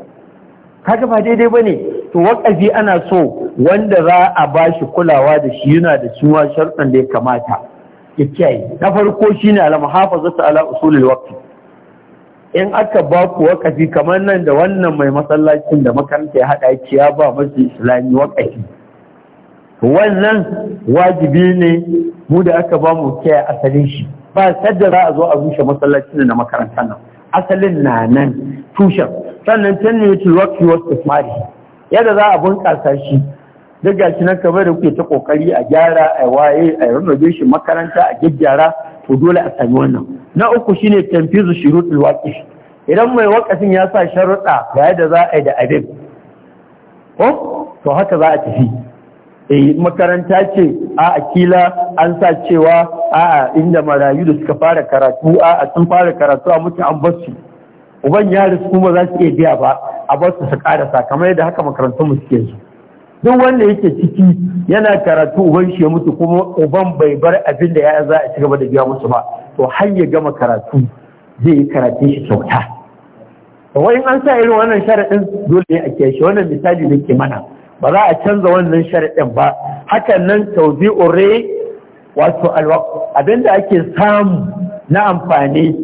kaga ba daidai bane to wakafi ana so wanda za a bashi kulawa da shi yana da suma sharɗan da ya kamata ya kiyaye na farko shine al-muhafazatu ala usulil waqti in aka ba ku wakafi kamar nan da wannan mai masallacin da makaranta ya haɗa ki ya ba masu islami wakafi wannan wajibi ne mu da aka ba mu kiyaye asalin shi ba sadda za a zo a rushe masallacin da makarantar nan asalin na nan tushen sannan can ne yake rock your ismari yadda za a bunƙasa shi duk gashi nan kamar da kuke ta kokari a gyara a waye a renovation makaranta a gyaggyara to dole a sami wannan na uku shine tanfizu shurutul waqi idan mai waƙafin ya sa sharuɗa ga yadda za a yi da abin ko to haka za a tafi eh makaranta ce a akila an sa cewa a inda marayu da suka fara karatu a sun fara karatu a mutu an bar su. uban yari su kuma za su iya biya ba a bar su su karasa kamar yadda haka makarantun mu suke su duk wanda yake ciki yana karatu uban shi ya mutu kuma uban bai bar abin da ya za a ci gaba da biya musu ba to har ya gama karatu zai yi karatu shi kyauta wai an sa irin wannan sharaɗin dole ne a kiyaye shi wannan misali da ke mana ba za a canza wannan sharaɗin ba hakan nan tawzi'ur ure, wato alwaq abin da ake samu na amfani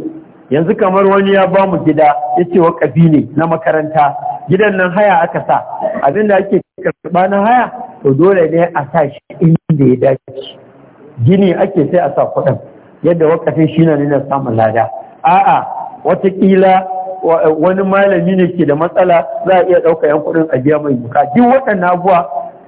yanzu kamar wani ya ba mu gida yace wa ne na makaranta gidan nan haya aka sa abin da ake karɓa na haya to dole ne a sa shi inda ya dace gini ake sai a sa kuɗin yadda wakafin shi na nuna samun lada a'a watakila wani malami ne ke da matsala za a iya ɗauka yan kuɗin a biya mai buka duk waɗannan abuwa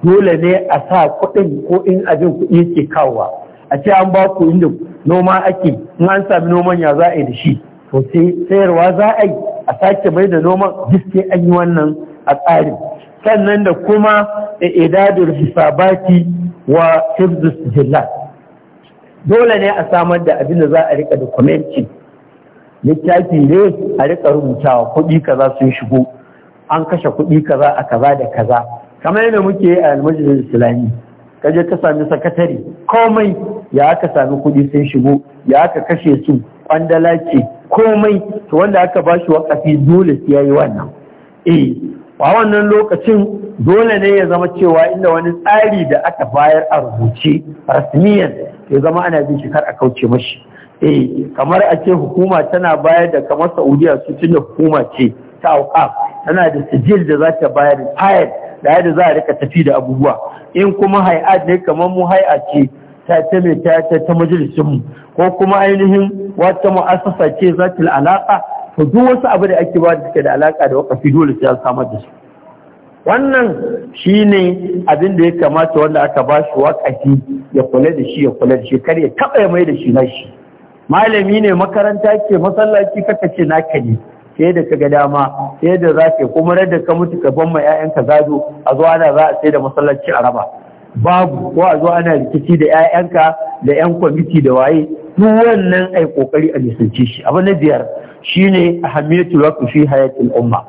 dole ne a sa kuɗin ko in abin kuɗi ke kawowa a ce an ba ku inda noma ake in an sami noman ya za a yi da shi to sai sayarwa za a yi a sake mai da noman sai an yi wannan a tsari sannan da kuma idadul hisabati wa hifzus jilla dole ne a samar da abin da za a rika dokumenti littafi ne a rika rubutawa kuɗi kaza sun shigo an kashe kuɗi kaza a kaza da kaza kamar yadda muke a almajirin islami kaje ka sami sakatare komai ya aka sami kuɗi sun shigo ya aka kashe su kwandala ce komai to wanda aka ba shi wakafi dole su yayi wannan eh a wannan lokacin dole ne ya zama cewa inda wani tsari da aka bayar a rubuce rasmiyan ya zama ana bin shi kar a kauce mashi eh kamar a ce hukuma tana bayar da kamar Saudiya su tunda hukuma ce ta auqaf tana da sijil da za ta bayar fayil da yadda za a rika tafi da abubuwa in kuma hay'at ne kamar mu hay'a ce ta ta mai ta ta majalisinmu ko kuma ainihin wata mu'asasa ce za ta alaƙa to duk wasu abu da ake ba da suke da alaƙa da wakafi dole sai an samar da su wannan shine abin da ya kamata wanda aka ba shi wakafi ya kula da shi ya kula da shi kar ya taɓa ya mai da shi na shi malami ne makaranta ke masallaci kaka ce naka ne sai da kaga dama sai da za ka kuma da ka mutu ka ban ma zado a zuwa da za a sai da masallaci a raba babu ko a zo ana rikici da 'ya'yanka da 'yan kwamiti da waye duk wannan ai kokari a nisanci shi abu na biyar shine ahamiyatul waqfi fi hayatil umma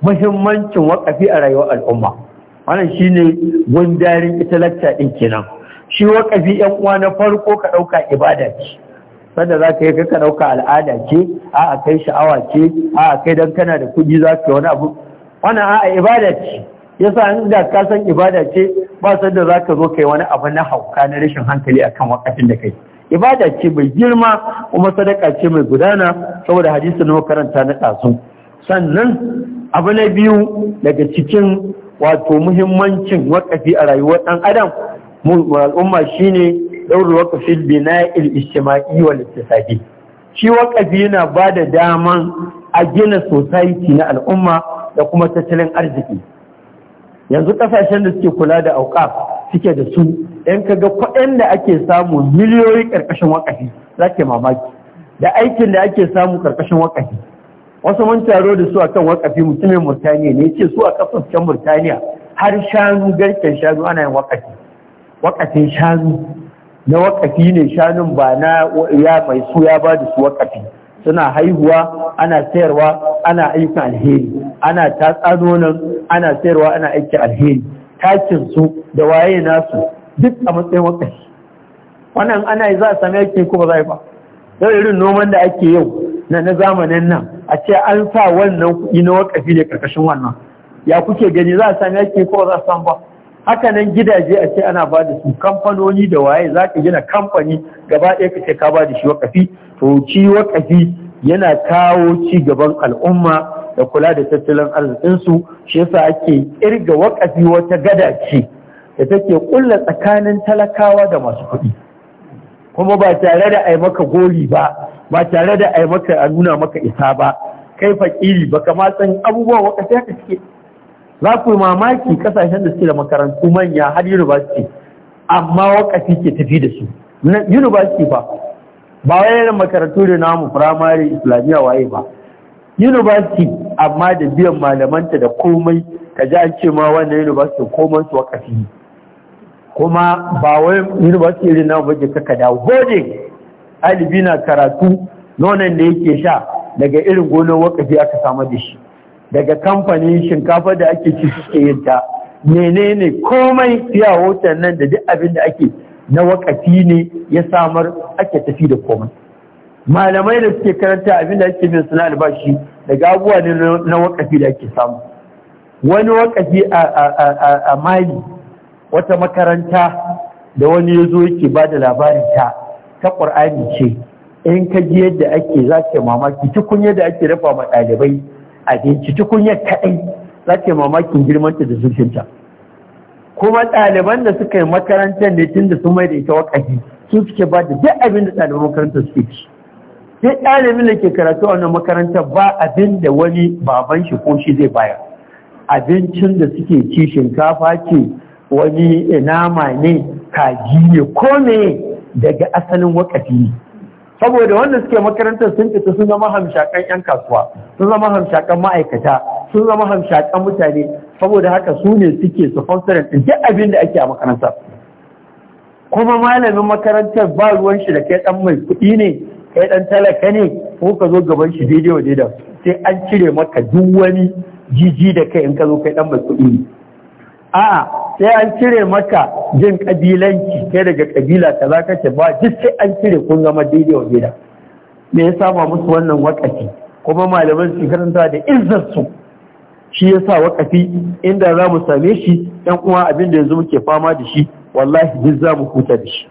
muhimmancin waqafi a rayuwar al'umma wannan shine gundarin ita lacca ɗin kenan shi wakafi yan uwa na farko ka ɗauka ibada ce sanda za ka yi ka dauka al'ada ce a a kai sha'awa ce a a kai dan kana da kuɗi za ka yi wani abu wannan a ibada ce Ya sa an da ka san ibada ce ba san da za ka zo kai wani abu na hauka na rashin hankali akan wakafin da kai ibada ce mai girma kuma sadaka ce mai gudana saboda hadisi na karanta na ɗasu sannan abu na biyu daga cikin wato muhimmancin wakafi a rayuwar ɗan adam al'umma shine ɗaura wakafin bina'il ishtima'i wal iktisadi shi wakafi yana ba da daman a gina society na al'umma da kuma tattalin arziki yanzu kasashen da suke kula da auka suke da su yan kaga kuɗin da ake samu miliyoyi ƙarƙashin wakafi ke mamaki da aikin da ake samu ƙarƙashin wakafi wasu mun taro da su akan wakafi mutumin Murtaniya ne ce su a kasashen Murtaniya har shanu garken shanu ana yin wakafi wakafin shanu na wakafi ne shanun ba na ya mai suya ba da su wakafi suna haihuwa ana sayarwa ana aiki alheri ana tatsa nan, ana sayarwa ana aiki alheri takin su da waye nasu duk a matsayin wakashi wannan ana yi za a sami aiki ko ba za ba da irin noman da ake yau na na zamanin nan a ce an sa wannan kuɗi na wakafi ne karkashin wannan ya kuke gani za a sami aiki ko ba za a samu ba haka nan gidaje a ce ana ba da su kamfanoni da waye za ka gina kamfani gaba ɗaya ka ce ka ba da shi wakafi to ci wakafi yana kawo ci gaban al'umma da kula da tattalin arzikinsu shi yasa ake kirga wakafi wata gada ce da take kulla tsakanin talakawa da masu kuɗi kuma ba tare da ai maka gori ba ba tare da ai maka a nuna maka isa ba kai fakiri baka ma san abubuwan wakafi haka suke za ku yi mamaki kasashen da suke da makarantu manya har university amma wakafi ke tafi da su university ba ba wai irin makarantu da namu primary islamiyya waye ba university amma da biyan malamanta da komai ka ji an ce ma wannan university komai su wakafi kuma ba wai university irin namu baje kaka dawo gode alibi na karatu nonon da yake sha daga irin gonar wakafi aka samu da shi daga kamfanin shinkafa da ake ci suke yadda menene komai ya wuce nan da duk abin da ake na wakati ne ya samar ake tafi da komai malamai da suke karanta abin da ake min suna albashi daga abubuwa ne na wakafi da ake samu wani wakafi a mali wata makaranta da wani ya zo yake ba da labarin ta ta ƙwar'ani ce in ka ji yadda ake za ka mamaki tukun yadda ake rafa ma ɗalibai abinci tukunyar kaɗai za ta yi mamakin girmanta da zurfinta kuma ɗaliban da suka yi makarantar ne tun da sun mai da ita wakafi sun suke ba da duk abin da ɗaliban makarantar suke ci sai ɗalibin da ke karatu a wannan makarantar ba abin da wani baban shi ko shi zai bayar abincin da suke ci shinkafa ce wani nama ne kaji ne ko me daga asalin wakafi ne saboda wanda suke makarantar sun fita sun zama hamshakan 'yan kasuwa sun zama hamshakan ma'aikata sun zama hamshakan mutane saboda haka su ne suke su sponsorin duk abin da ake a makaranta kuma malamin makarantar ba ruwan shi da kai dan mai kuɗi ne kai dan talaka ne ko ka zo gaban shi daidai wa daidai sai an cire maka duk wani jiji da kai in ka zo kai dan mai kuɗi ne a'a sai an cire maka jin kabilanci kai daga kabila ta za ka ce ba duk sai an cire kun zama daidai wa gida me ya saba musu wannan wakafi kuma malaman su karanta da izzar su shi ya sa wakafi inda za mu same shi yan uwa abin da yanzu muke fama da shi wallahi duk za mu huta da shi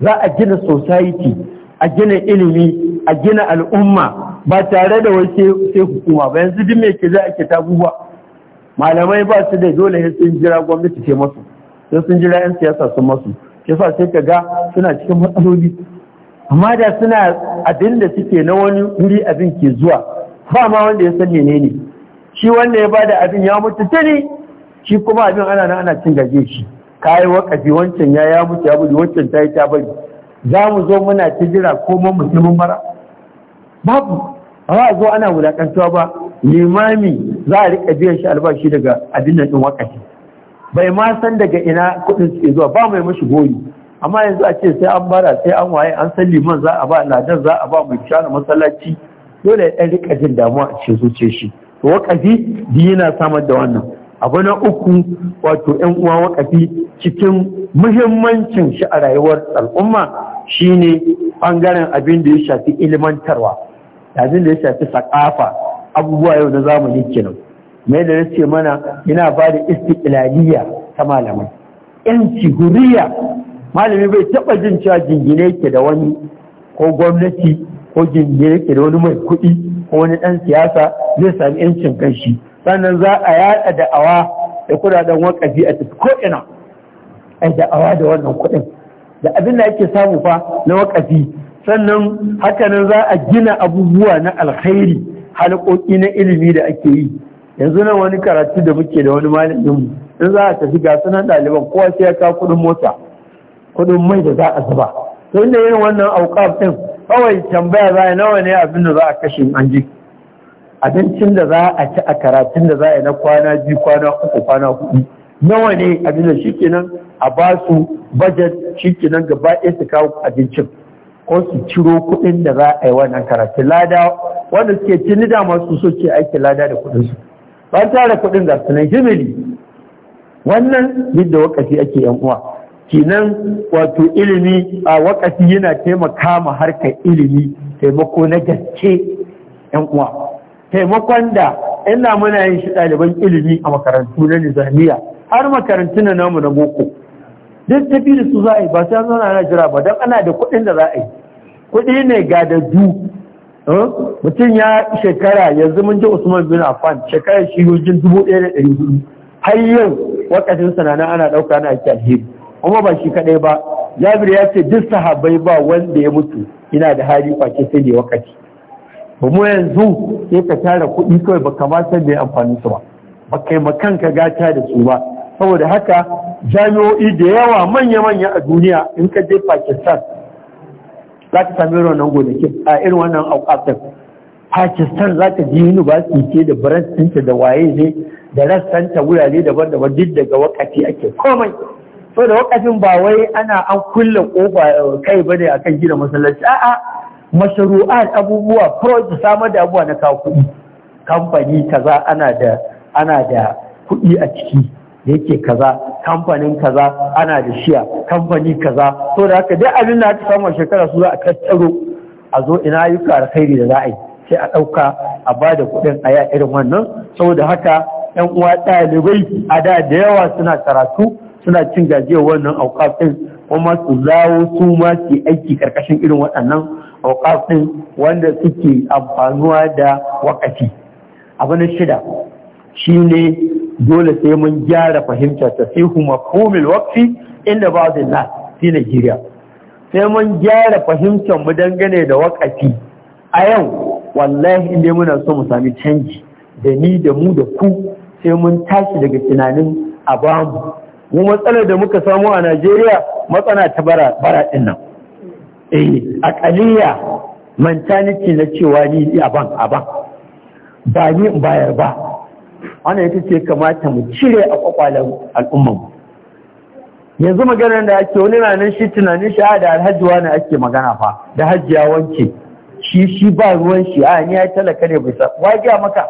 za a gina society a gina ilimi a gina al'umma ba tare da wai sai hukuma ba yanzu duk me ke za a ke tabuwa malamai ba su da dole sai sun jira gwamnati ce masu sai sun jira yan siyasa sun masu shi sa sai ka ga suna cikin matsaloli amma da suna abin da suke na wani wuri abin ke zuwa ba ma wanda ya san menene shi wanda ya bada abin ya mutu tuni shi kuma abin ana nan ana cin gaje shi kai wakafi wancan ya ya mutu ya bari wancan ta yi ta bari za mu zo muna ta jira ko mun mutumin mara babu ba a zo ana wulakantuwa ba limami za a rika biyan shi albashi daga abin nan din wakati bai ma san daga ina kuɗin suke zuwa ba mai mashi goyi amma yanzu a ce sai an bara sai an waye an san liman za a ba ladan za a ba mai shara masallaci dole ya ɗan rika jin damuwa a cikin zuciyar shi to di yana samar da wannan abu na uku wato yan uwa wakafi cikin muhimmancin shi a rayuwar al'umma shine bangaren abin da ya shafi ilimantarwa. abin da ya shafi sakafa abubuwa yau na zamani kenan mai da ya ce mana yana ba da istiqlaliya ta malamai yanci huriya malami bai taɓa jin cewa jingine ke da wani ko gwamnati ko jingine ke da wani mai kuɗi ko wani ɗan siyasa zai sami yancin kanshi sannan za a yada da'awa da kuɗaɗen wakafi a tafi ko'ina a da'awa da wannan kuɗin da abin da ake samu fa na wakafi sannan hakanan za a gina abubuwa na alkhairi halƙoƙi na ilimi da ake yi yanzu nan wani karatu da muke da wani malamin in za a tafi ga sunan ɗaliban kowa sai ya ka kuɗin mota kuɗin mai da za a zuba to inda yin wannan auƙaf ɗin kawai tambaya za a nawa ne abin da za a kashe an ji abincin da za a ci a karatun da za a yi na kwana biyu kwana uku kwana hudu, nawa ne abin da shi kenan a ba su bajet shi kenan gaba ɗaya su kawo abincin ko su ciro kuɗin da za a yi wannan karatu lada wanda suke cini da masu so ce aiki lada da kuɗin su ba da kuɗin ga sunan himili wannan yadda wakafi ake yan uwa kinan wato ilimi a wakafi yana taimaka ma harka ilimi taimako na gaske yan uwa taimakon da ina muna yin shi ɗaliban ilimi a makarantu na nizamiya har makarantu na namu na boko duk tafi da su za a yi ba sai an zauna ana jira ba don ana da kuɗin da za a yi kuɗi ne ga da du eh? mutum ya shekara yanzu mun ji usman bin affan shekarar shi yujin dubu ɗaya da ɗari hudu har yau wakacin sanana ana ɗauka ana ake alheri kuma ba shi kaɗai ba jabir ya ce duk sahabai ba wanda ya mutu ina da hali kwace sai da wakati mu yanzu sai ka tara kuɗi kawai ba kamata san amfani su ba ba kai makanka gata da su ba saboda haka jami'o'i da yawa manya-manya a duniya in ka je pakistan za ka sami wannan gonakin a irin wannan aukatin pakistan za ka ji su ke da branch da waye ne da rassanta wurare daban-daban duk daga wakati ake komai so da wakatin ba wai ana an kulle kofa eh, kai ba ne akan gina masallaci a'a masharu'at abubuwa project samar da abubuwa na kawo kuɗi kamfani kaza ana da ana da kuɗi a ciki yake kaza kamfanin kaza ana da shiya kamfani kaza to da haka dai abin da aka samu shekara su za a tattaro a zo ina ayyuka alkhairi da za a yi sai a ɗauka a ba da kuɗin a irin wannan saboda haka yan uwa ɗalibai a da da yawa suna karatu suna cin gajiyar wannan auƙafin kuma su zawo su ma su aiki karkashin irin waɗannan auƙafin wanda suke amfanuwa da wakati abu na shida shine dole sai mun gyara fahimtar ta sihu komil wakfi inda ba'd an-nas fi Najeriya sai mun gyara fahimtar mu dangane da wakafi a yau wallahi inda muna so mu sami canji da ni da mu da ku sai mun tashi daga tunanin a bamu mu matsalar da muka samu a Najeriya matsala ta bara bara din nan eh akaliya mentality na cewa ni a ban a ban. ba ni bayar ba wannan ita ce kamata mu cire a kwakwalen al'umman yanzu maganar da ake wani ranar shi tunanin shi ah, da alhaji wani ake magana fa da hajjiya wanke shi shi ba ruwan shi a ah, ni ya talaka ne bai sa wajiya maka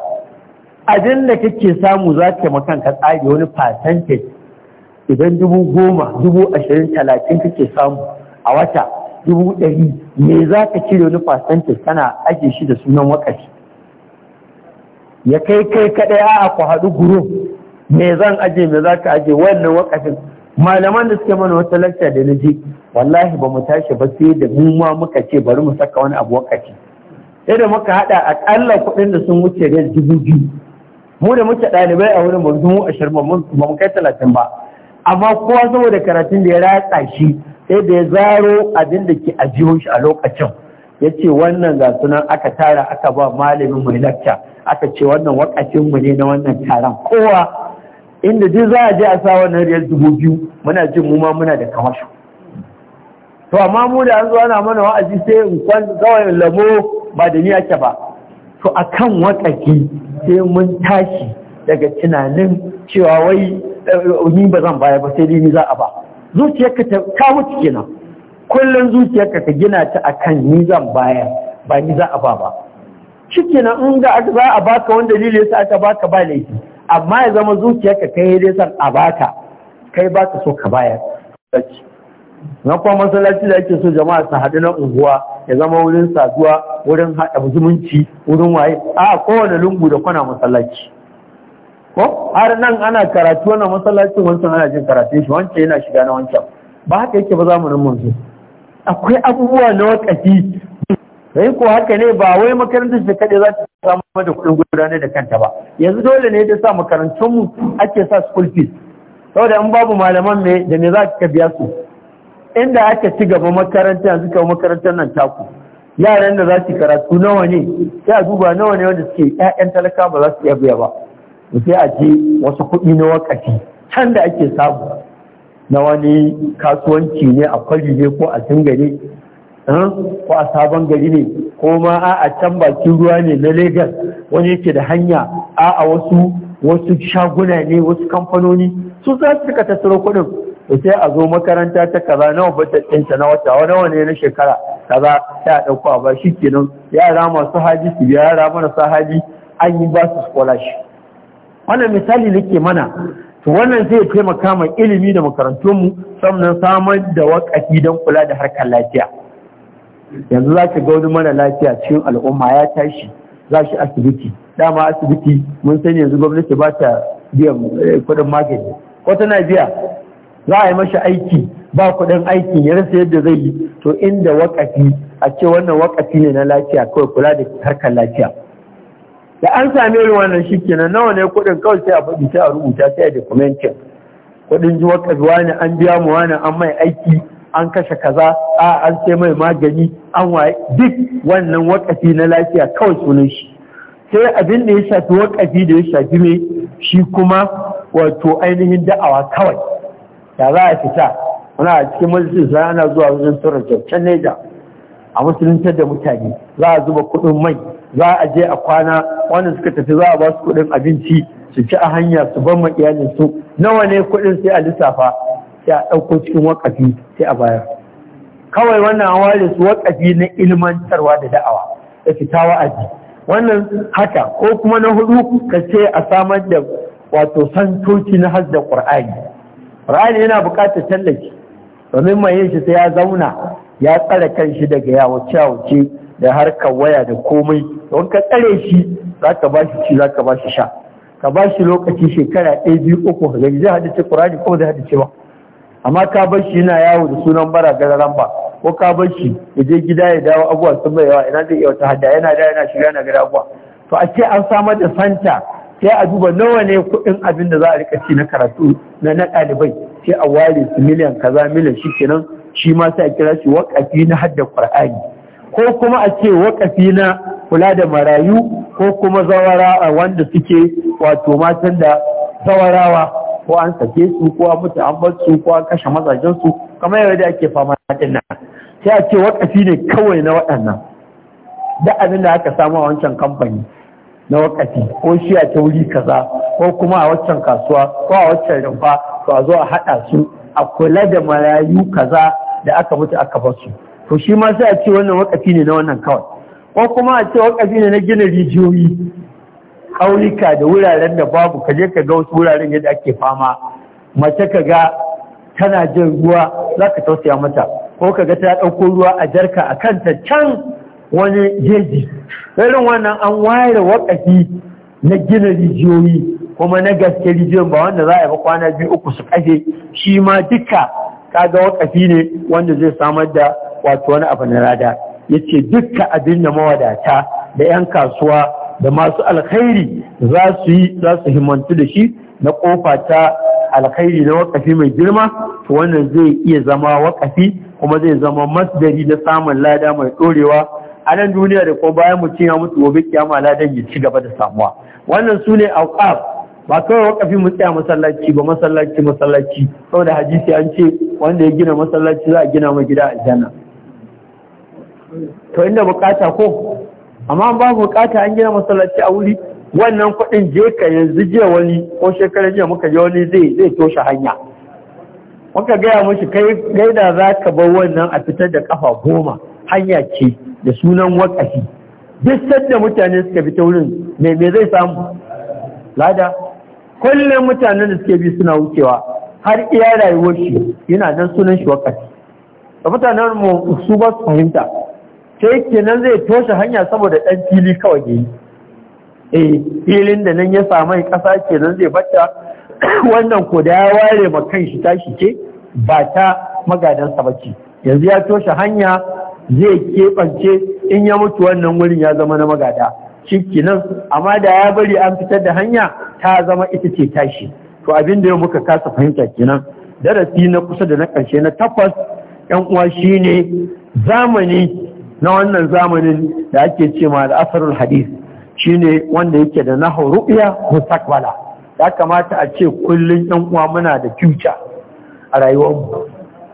abin da kake samu za ka makan ka tsari wani percentage idan dubu goma dubu ashirin talatin kake samu a wata dubu ɗari me za ka cire wani percentage kana ajiye shi da sunan wakashi ya kai kai kaɗai a ku haɗu guru me zan aje me za ka aje wannan wakafin malaman da suke mana wata lacca da na je wallahi ba mu tashi ba sai da mu ma muka ce bari mu saka wani abu wakafi sai da muka haɗa a ƙalla kuɗin da sun wuce da dubu biyu mu da muke ɗalibai a wurin mu dubu ashirin ba mu kai talatin ba amma kowa saboda karatun da ya ratsa shi sai da ya zaro abin da ke ajiyo shi a lokacin ya ce wannan ga sunan aka tara aka ba malamin mai lakca aka ce wannan mu ne na wannan taron kowa inda duk za a je a sa wannan riyar dubu biyu muna jin mu muna da kamasho to amma mu da an zo ana mana wa'azi sai in kwan kawai lamo ba da ni ake ba to akan wakaki sai mun tashi daga tunanin cewa wai eh, ni ba zan baya ba sai ni za a ba zuciyarka ta kawo nan. kullum zuciyarka ka gina ta akan ni zan bayar ba ni za a ba ba shikenan in ga za a baka wani dalili yasa aka baka ba laifi amma ya zama zuciyarka ka yi san a baka kai baka so ka bayar na kuma masallaci da ake so jama'a su haɗu na unguwa ya zama wurin saduwa wurin haɗa zumunci wurin waye a kowane lungu da kwana masallaci ko har nan ana karatu wannan masallacin wancan ana jin karatun shi wancan yana shiga na wancan ba haka yake ba zamanin mun akwai abubuwa na wakafi sai ko haka ne ba wai makarantar da kaɗai za ta samu da kuɗin gudanar da kanta ba yanzu dole ne da sa makarantunmu ake sa school fees saboda in babu malaman me da me za ka biya su inda aka ci gaba makaranta yanzu kawo makarantar nan taku yaran da za su karatu nawa ne sai a duba nawa ne wanda suke ƴaƴan talaka ba za su iya biya ba sai a je wasu kuɗi na wakati can da ake samu na wani kasuwanci ne a kwari ne ko a can gari eh, ko a sabon gari ne ko ma a can bakin ruwa ne na Legas wani yake da hanya a a wasu wasu shaguna ne wasu kamfanoni su za su suka tattaro kuɗin to sai a zo makaranta ta kaza nawa batattinta na wata nawa ne na shekara kaza ta ɗauko a bashi kenan yara masu hali su yara marasa hali an yi ba su scholarship wannan misali nake mana to wannan zai taimaka ma ilimi da makarantunmu sannan samar da wakafi don kula da harkar lafiya yanzu za ka ga wani lafiya cikin al'umma ya tashi za shi asibiti dama asibiti mun sani yanzu gwamnati ba ta biyan eh, kudin magani Wata na biya za a yi mashi aiki ba kudin aiki ya rasa yadda zai yi to inda wakafi a ce wannan wakafi ne na lafiya kawai kula da harkar lafiya da an sami irin wannan shi kenan nawa ne kudin kawai sai a faɗi sai a rubuta sai a dokumentin kuɗin ji zuwa ne an biya mu wani an mai aiki an kashe kaza a an sai mai magani an waye duk wannan wakafi na lafiya kawai sunan shi sai abin da ya shafi wakafi da ya shafi mai shi kuma wato ainihin da'awa kawai da za a fita wani a cikin majalisar sai ana zuwa wajen tura jaucen neja a musuluntar da mutane za a zuba kuɗin mai za a je a kwana wanda suka tafi za a ba su kuɗin abinci su ci a hanya su ban ma su nawa ne kuɗin sai a lissafa sai a ɗauko cikin wakafi sai a bayar kawai wannan an ware su wakafi na ilmantarwa da da'awa da fita wa'azi wannan haka ko kuma na hudu ka ce a samar da wato santoci na da qur'ani Ƙur'ani yana buƙatar tallafi domin mai yin shi sai ya zauna ya tsare shi daga yawo ciyawo da harkar waya da komai don ka tsare shi za ka ba shi ci za ka ba shi sha ka ba shi lokaci shekara ɗaya biyu uku ga zai haddace ƙur'ani ko zai haddace ba amma ka bar shi yana yawo da sunan bara gara lamba. ko ka bar shi ya je gida ya dawo abuwa sun bai yawa ina zai iya wata hada yana da yana shiga yana gada abuwa to a ce an samar da santa sai a duba nawa ne kuɗin abin da za a rika ci na karatu na na ɗalibai sai a ware su miliyan kaza miliyan shi kenan shi ma sai a kira shi waƙafi na hadda ƙur'ani ko kuma a ce wakafi na kula da marayu ko kuma zawara wanda suke wato matan da zawarawa ko an sake su ko an mutu an bar su ko an kashe mazajen su kamar yadda ake fama din nan sai a ce wakafi ne kawai na waɗannan da abin da aka samu a wancan kamfani na wakafi ko shi a ta wuri kaza ko kuma a waccan kasuwa ko a waccan rumfa to a zo a haɗa su a kula da marayu kaza da aka mutu aka bar su to shi ma sai a ce wannan wakafi ne na wannan kawai ko kuma a ce wakafi ne na gina rijiyoyi ƙauyuka da wuraren da babu ka je ka ga wasu wuraren yadda ake fama mace ka ga tana jin ruwa za ka tausaya mata ko ka ga ta ɗauko ruwa a jarka a kanta can wani jeji irin wannan an ware wakafi na gina rijiyoyi kuma na gaske rijiyoyin ba wanda za a yi ba kwana biyu uku su kashe shi ma duka kaga wakafi ne wanda zai samar da wato wani abu na rada yace dukkan abin da mawadata da yan kasuwa da masu alkhairi za su yi za su himmantu da shi na kofa ta alkhairi na wakafi mai girma to wannan zai iya zama wakafi kuma zai zama masdari na samun lada mai dorewa a nan duniya da ko bayan mu ya mutu gobe kiyama ladan ya ci gaba da samuwa wannan su ne auqaf ba kawai wakafi mu tsaya masallaci ba masallaci masallaci saboda hadisi an ce wanda ya gina masallaci za a gina mai gida aljanna to inda bukata ko amma ba bukata an gina masallaci a wuri wannan kudin je ka yanzu jiya wani ko shekara jiya muka je wani zai zai toshe hanya muka gaya mashi kai gaida za ka bar wannan a fitar da kafa goma hanya ce da sunan wakafi duk sanda mutane suka bi ta wurin me me zai samu lada kullum mutanen da suke bi suna wucewa har iya rayuwar shi yana dan sunan shi wakafi da mutanen mu su ba su fahimta sai kenan zai toshe hanya saboda ɗan fili kawai ne eh filin da nan ya samu ƙasa kenan zai bata wannan ko da ya ware ma kanshi tashi ce ba ta magadansa ba ce yanzu ya toshe hanya zai keɓance in ya mutu wannan wurin ya zama na magada shi nan amma da ya bari an fitar da hanya ta zama ita ce tashi to abin da muka kasa fahimta kenan darasi na kusa da na ƙarshe na takwas yan uwa shine zamani na wannan zamanin da ake ce ma al'asarul hadis ne wanda yake da nahu ru'ya mustaqbala ya kamata a ce kullum yan uwa muna da future a rayuwarmu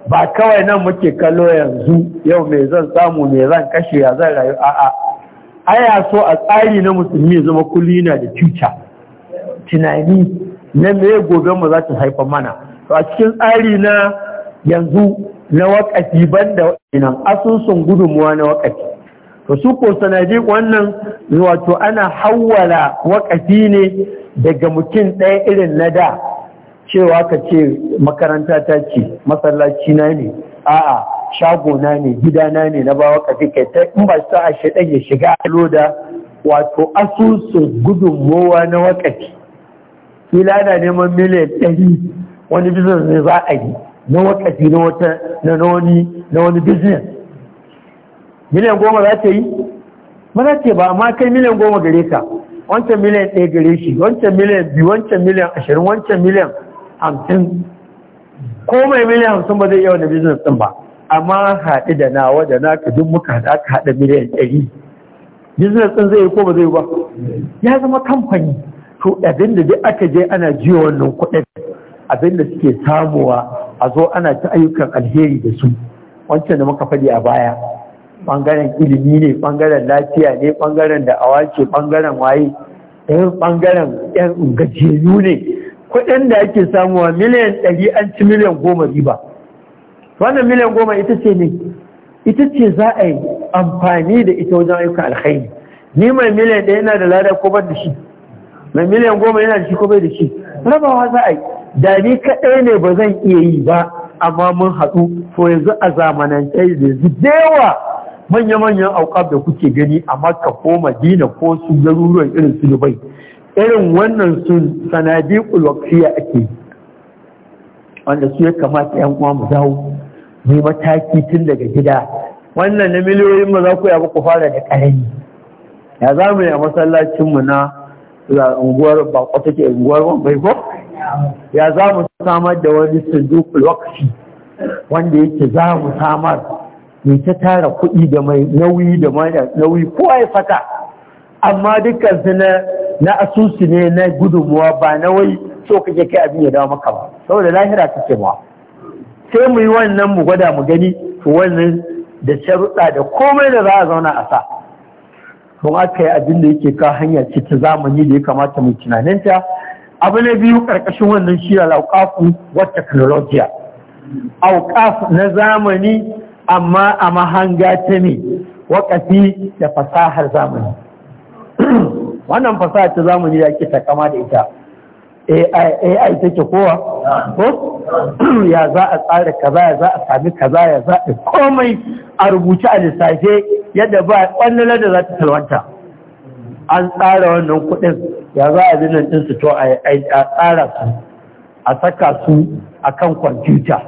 ba kawai nan muke kallo yanzu yau me zan samu me zan kashe ya zan rayu a'a aya so a tsari na musulmi zama kullum yana da future tunani na me gobe mu za ta haifa mana to a cikin tsari na yanzu na wakafi banda inan asusun gudunmuwa na wakati. to su ko sanadiq wannan wato ana hawwala wakati ne daga mutum ɗaya irin na da cewa ka ce makaranta ta ce masallaci na ne a'a shago na ne gidana ne na ba wakati kai ta in ba sa a shaɗan ya shiga a loda wato asusun gudunmowa na wakati kila na neman miliyan ɗari wani biznes ne za a yi na wakati na wata na wani na wani business miliyan goma za ta yi ba za ta ba amma kai miliyan goma gare ka wancan miliyan ɗaya gare shi wancan miliyan biyu wancan miliyan ashirin wancan miliyan hamsin ko mai miliyan hamsin ba zai iya wani business ɗin ba amma haɗu da nawa da naka duk muka haɗa aka haɗa miliyan ɗari business ɗin zai yi ko ba zai yi ba ya zama kamfani to abin da duk aka je ana jiyo wannan kuɗin abin da suke samuwa a zo ana ta ayyukan alheri da su wancan da muka faɗi a baya ɓangaren ilimi ne ɓangaren lafiya ne ɓangaren da awace ɓangaren waye ɗan ɓangaren ƴan gajiyayyu ne kuɗin da ake samuwa miliyan ɗari an ci miliyan goma riba wannan miliyan goma ita ce ne ita ce za a yi amfani da ita wajen ayyukan alheri ni mai miliyan ɗaya yana da lada ko bar da shi mai miliyan goma yana da shi ko bai da shi rabawa za a yi da ni kaɗai ne ba zan iya yi ba amma mun haɗu to yanzu a zamanance yanzu dewa manya-manyan auƙaf da kuke gani a makka ko madina ko su garuruwan irin su dubai irin wannan sun sanadi kulwakiya ake wanda su ya kamata yan uwa mu dawo mu mataki tun daga gida wannan na miliyoyin mu za ku yaba ku fara da ƙarami ya za mu yi a masallacinmu na unguwar bakwa take unguwar wambai ko ya za mu samar da wani sandukul wakfi? wanda yake za mu samar mai ta tara kuɗi da mai nauyi da mai nauyi kowa ya saka amma dukkan su na na asusu ne na gudunmuwa ba na wai so kake kai abin ya dawo maka ba saboda lahira ta ce ma sai mu yi wannan mu gwada mu gani to wannan da sharuɗa da komai da za a zauna a sa kuma aka yi abin da yake ka hanya ce ta zamani da ya kamata mu tunaninta abu na biyu ƙarƙashin wannan shi da wa technology auƙaf na zamani amma a mahanga ta ne waƙafi da fasahar zamani wannan fasahar ta zamani ya ke takama da ita AI take kowa ko ya za a tsara kaza ya za a sami kaza ya za a komai a rubuce a lissafe yadda ba ƙwannilar da za ta talwanta an tsara wannan kuɗin ya za a zinan ɗin su to a tsara su a saka su a kan kwamfuta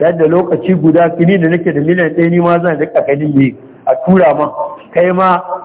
yadda lokaci guda fili da nake da miliyan ɗaya ne ma zan rika ganin ne a tura ma kai ma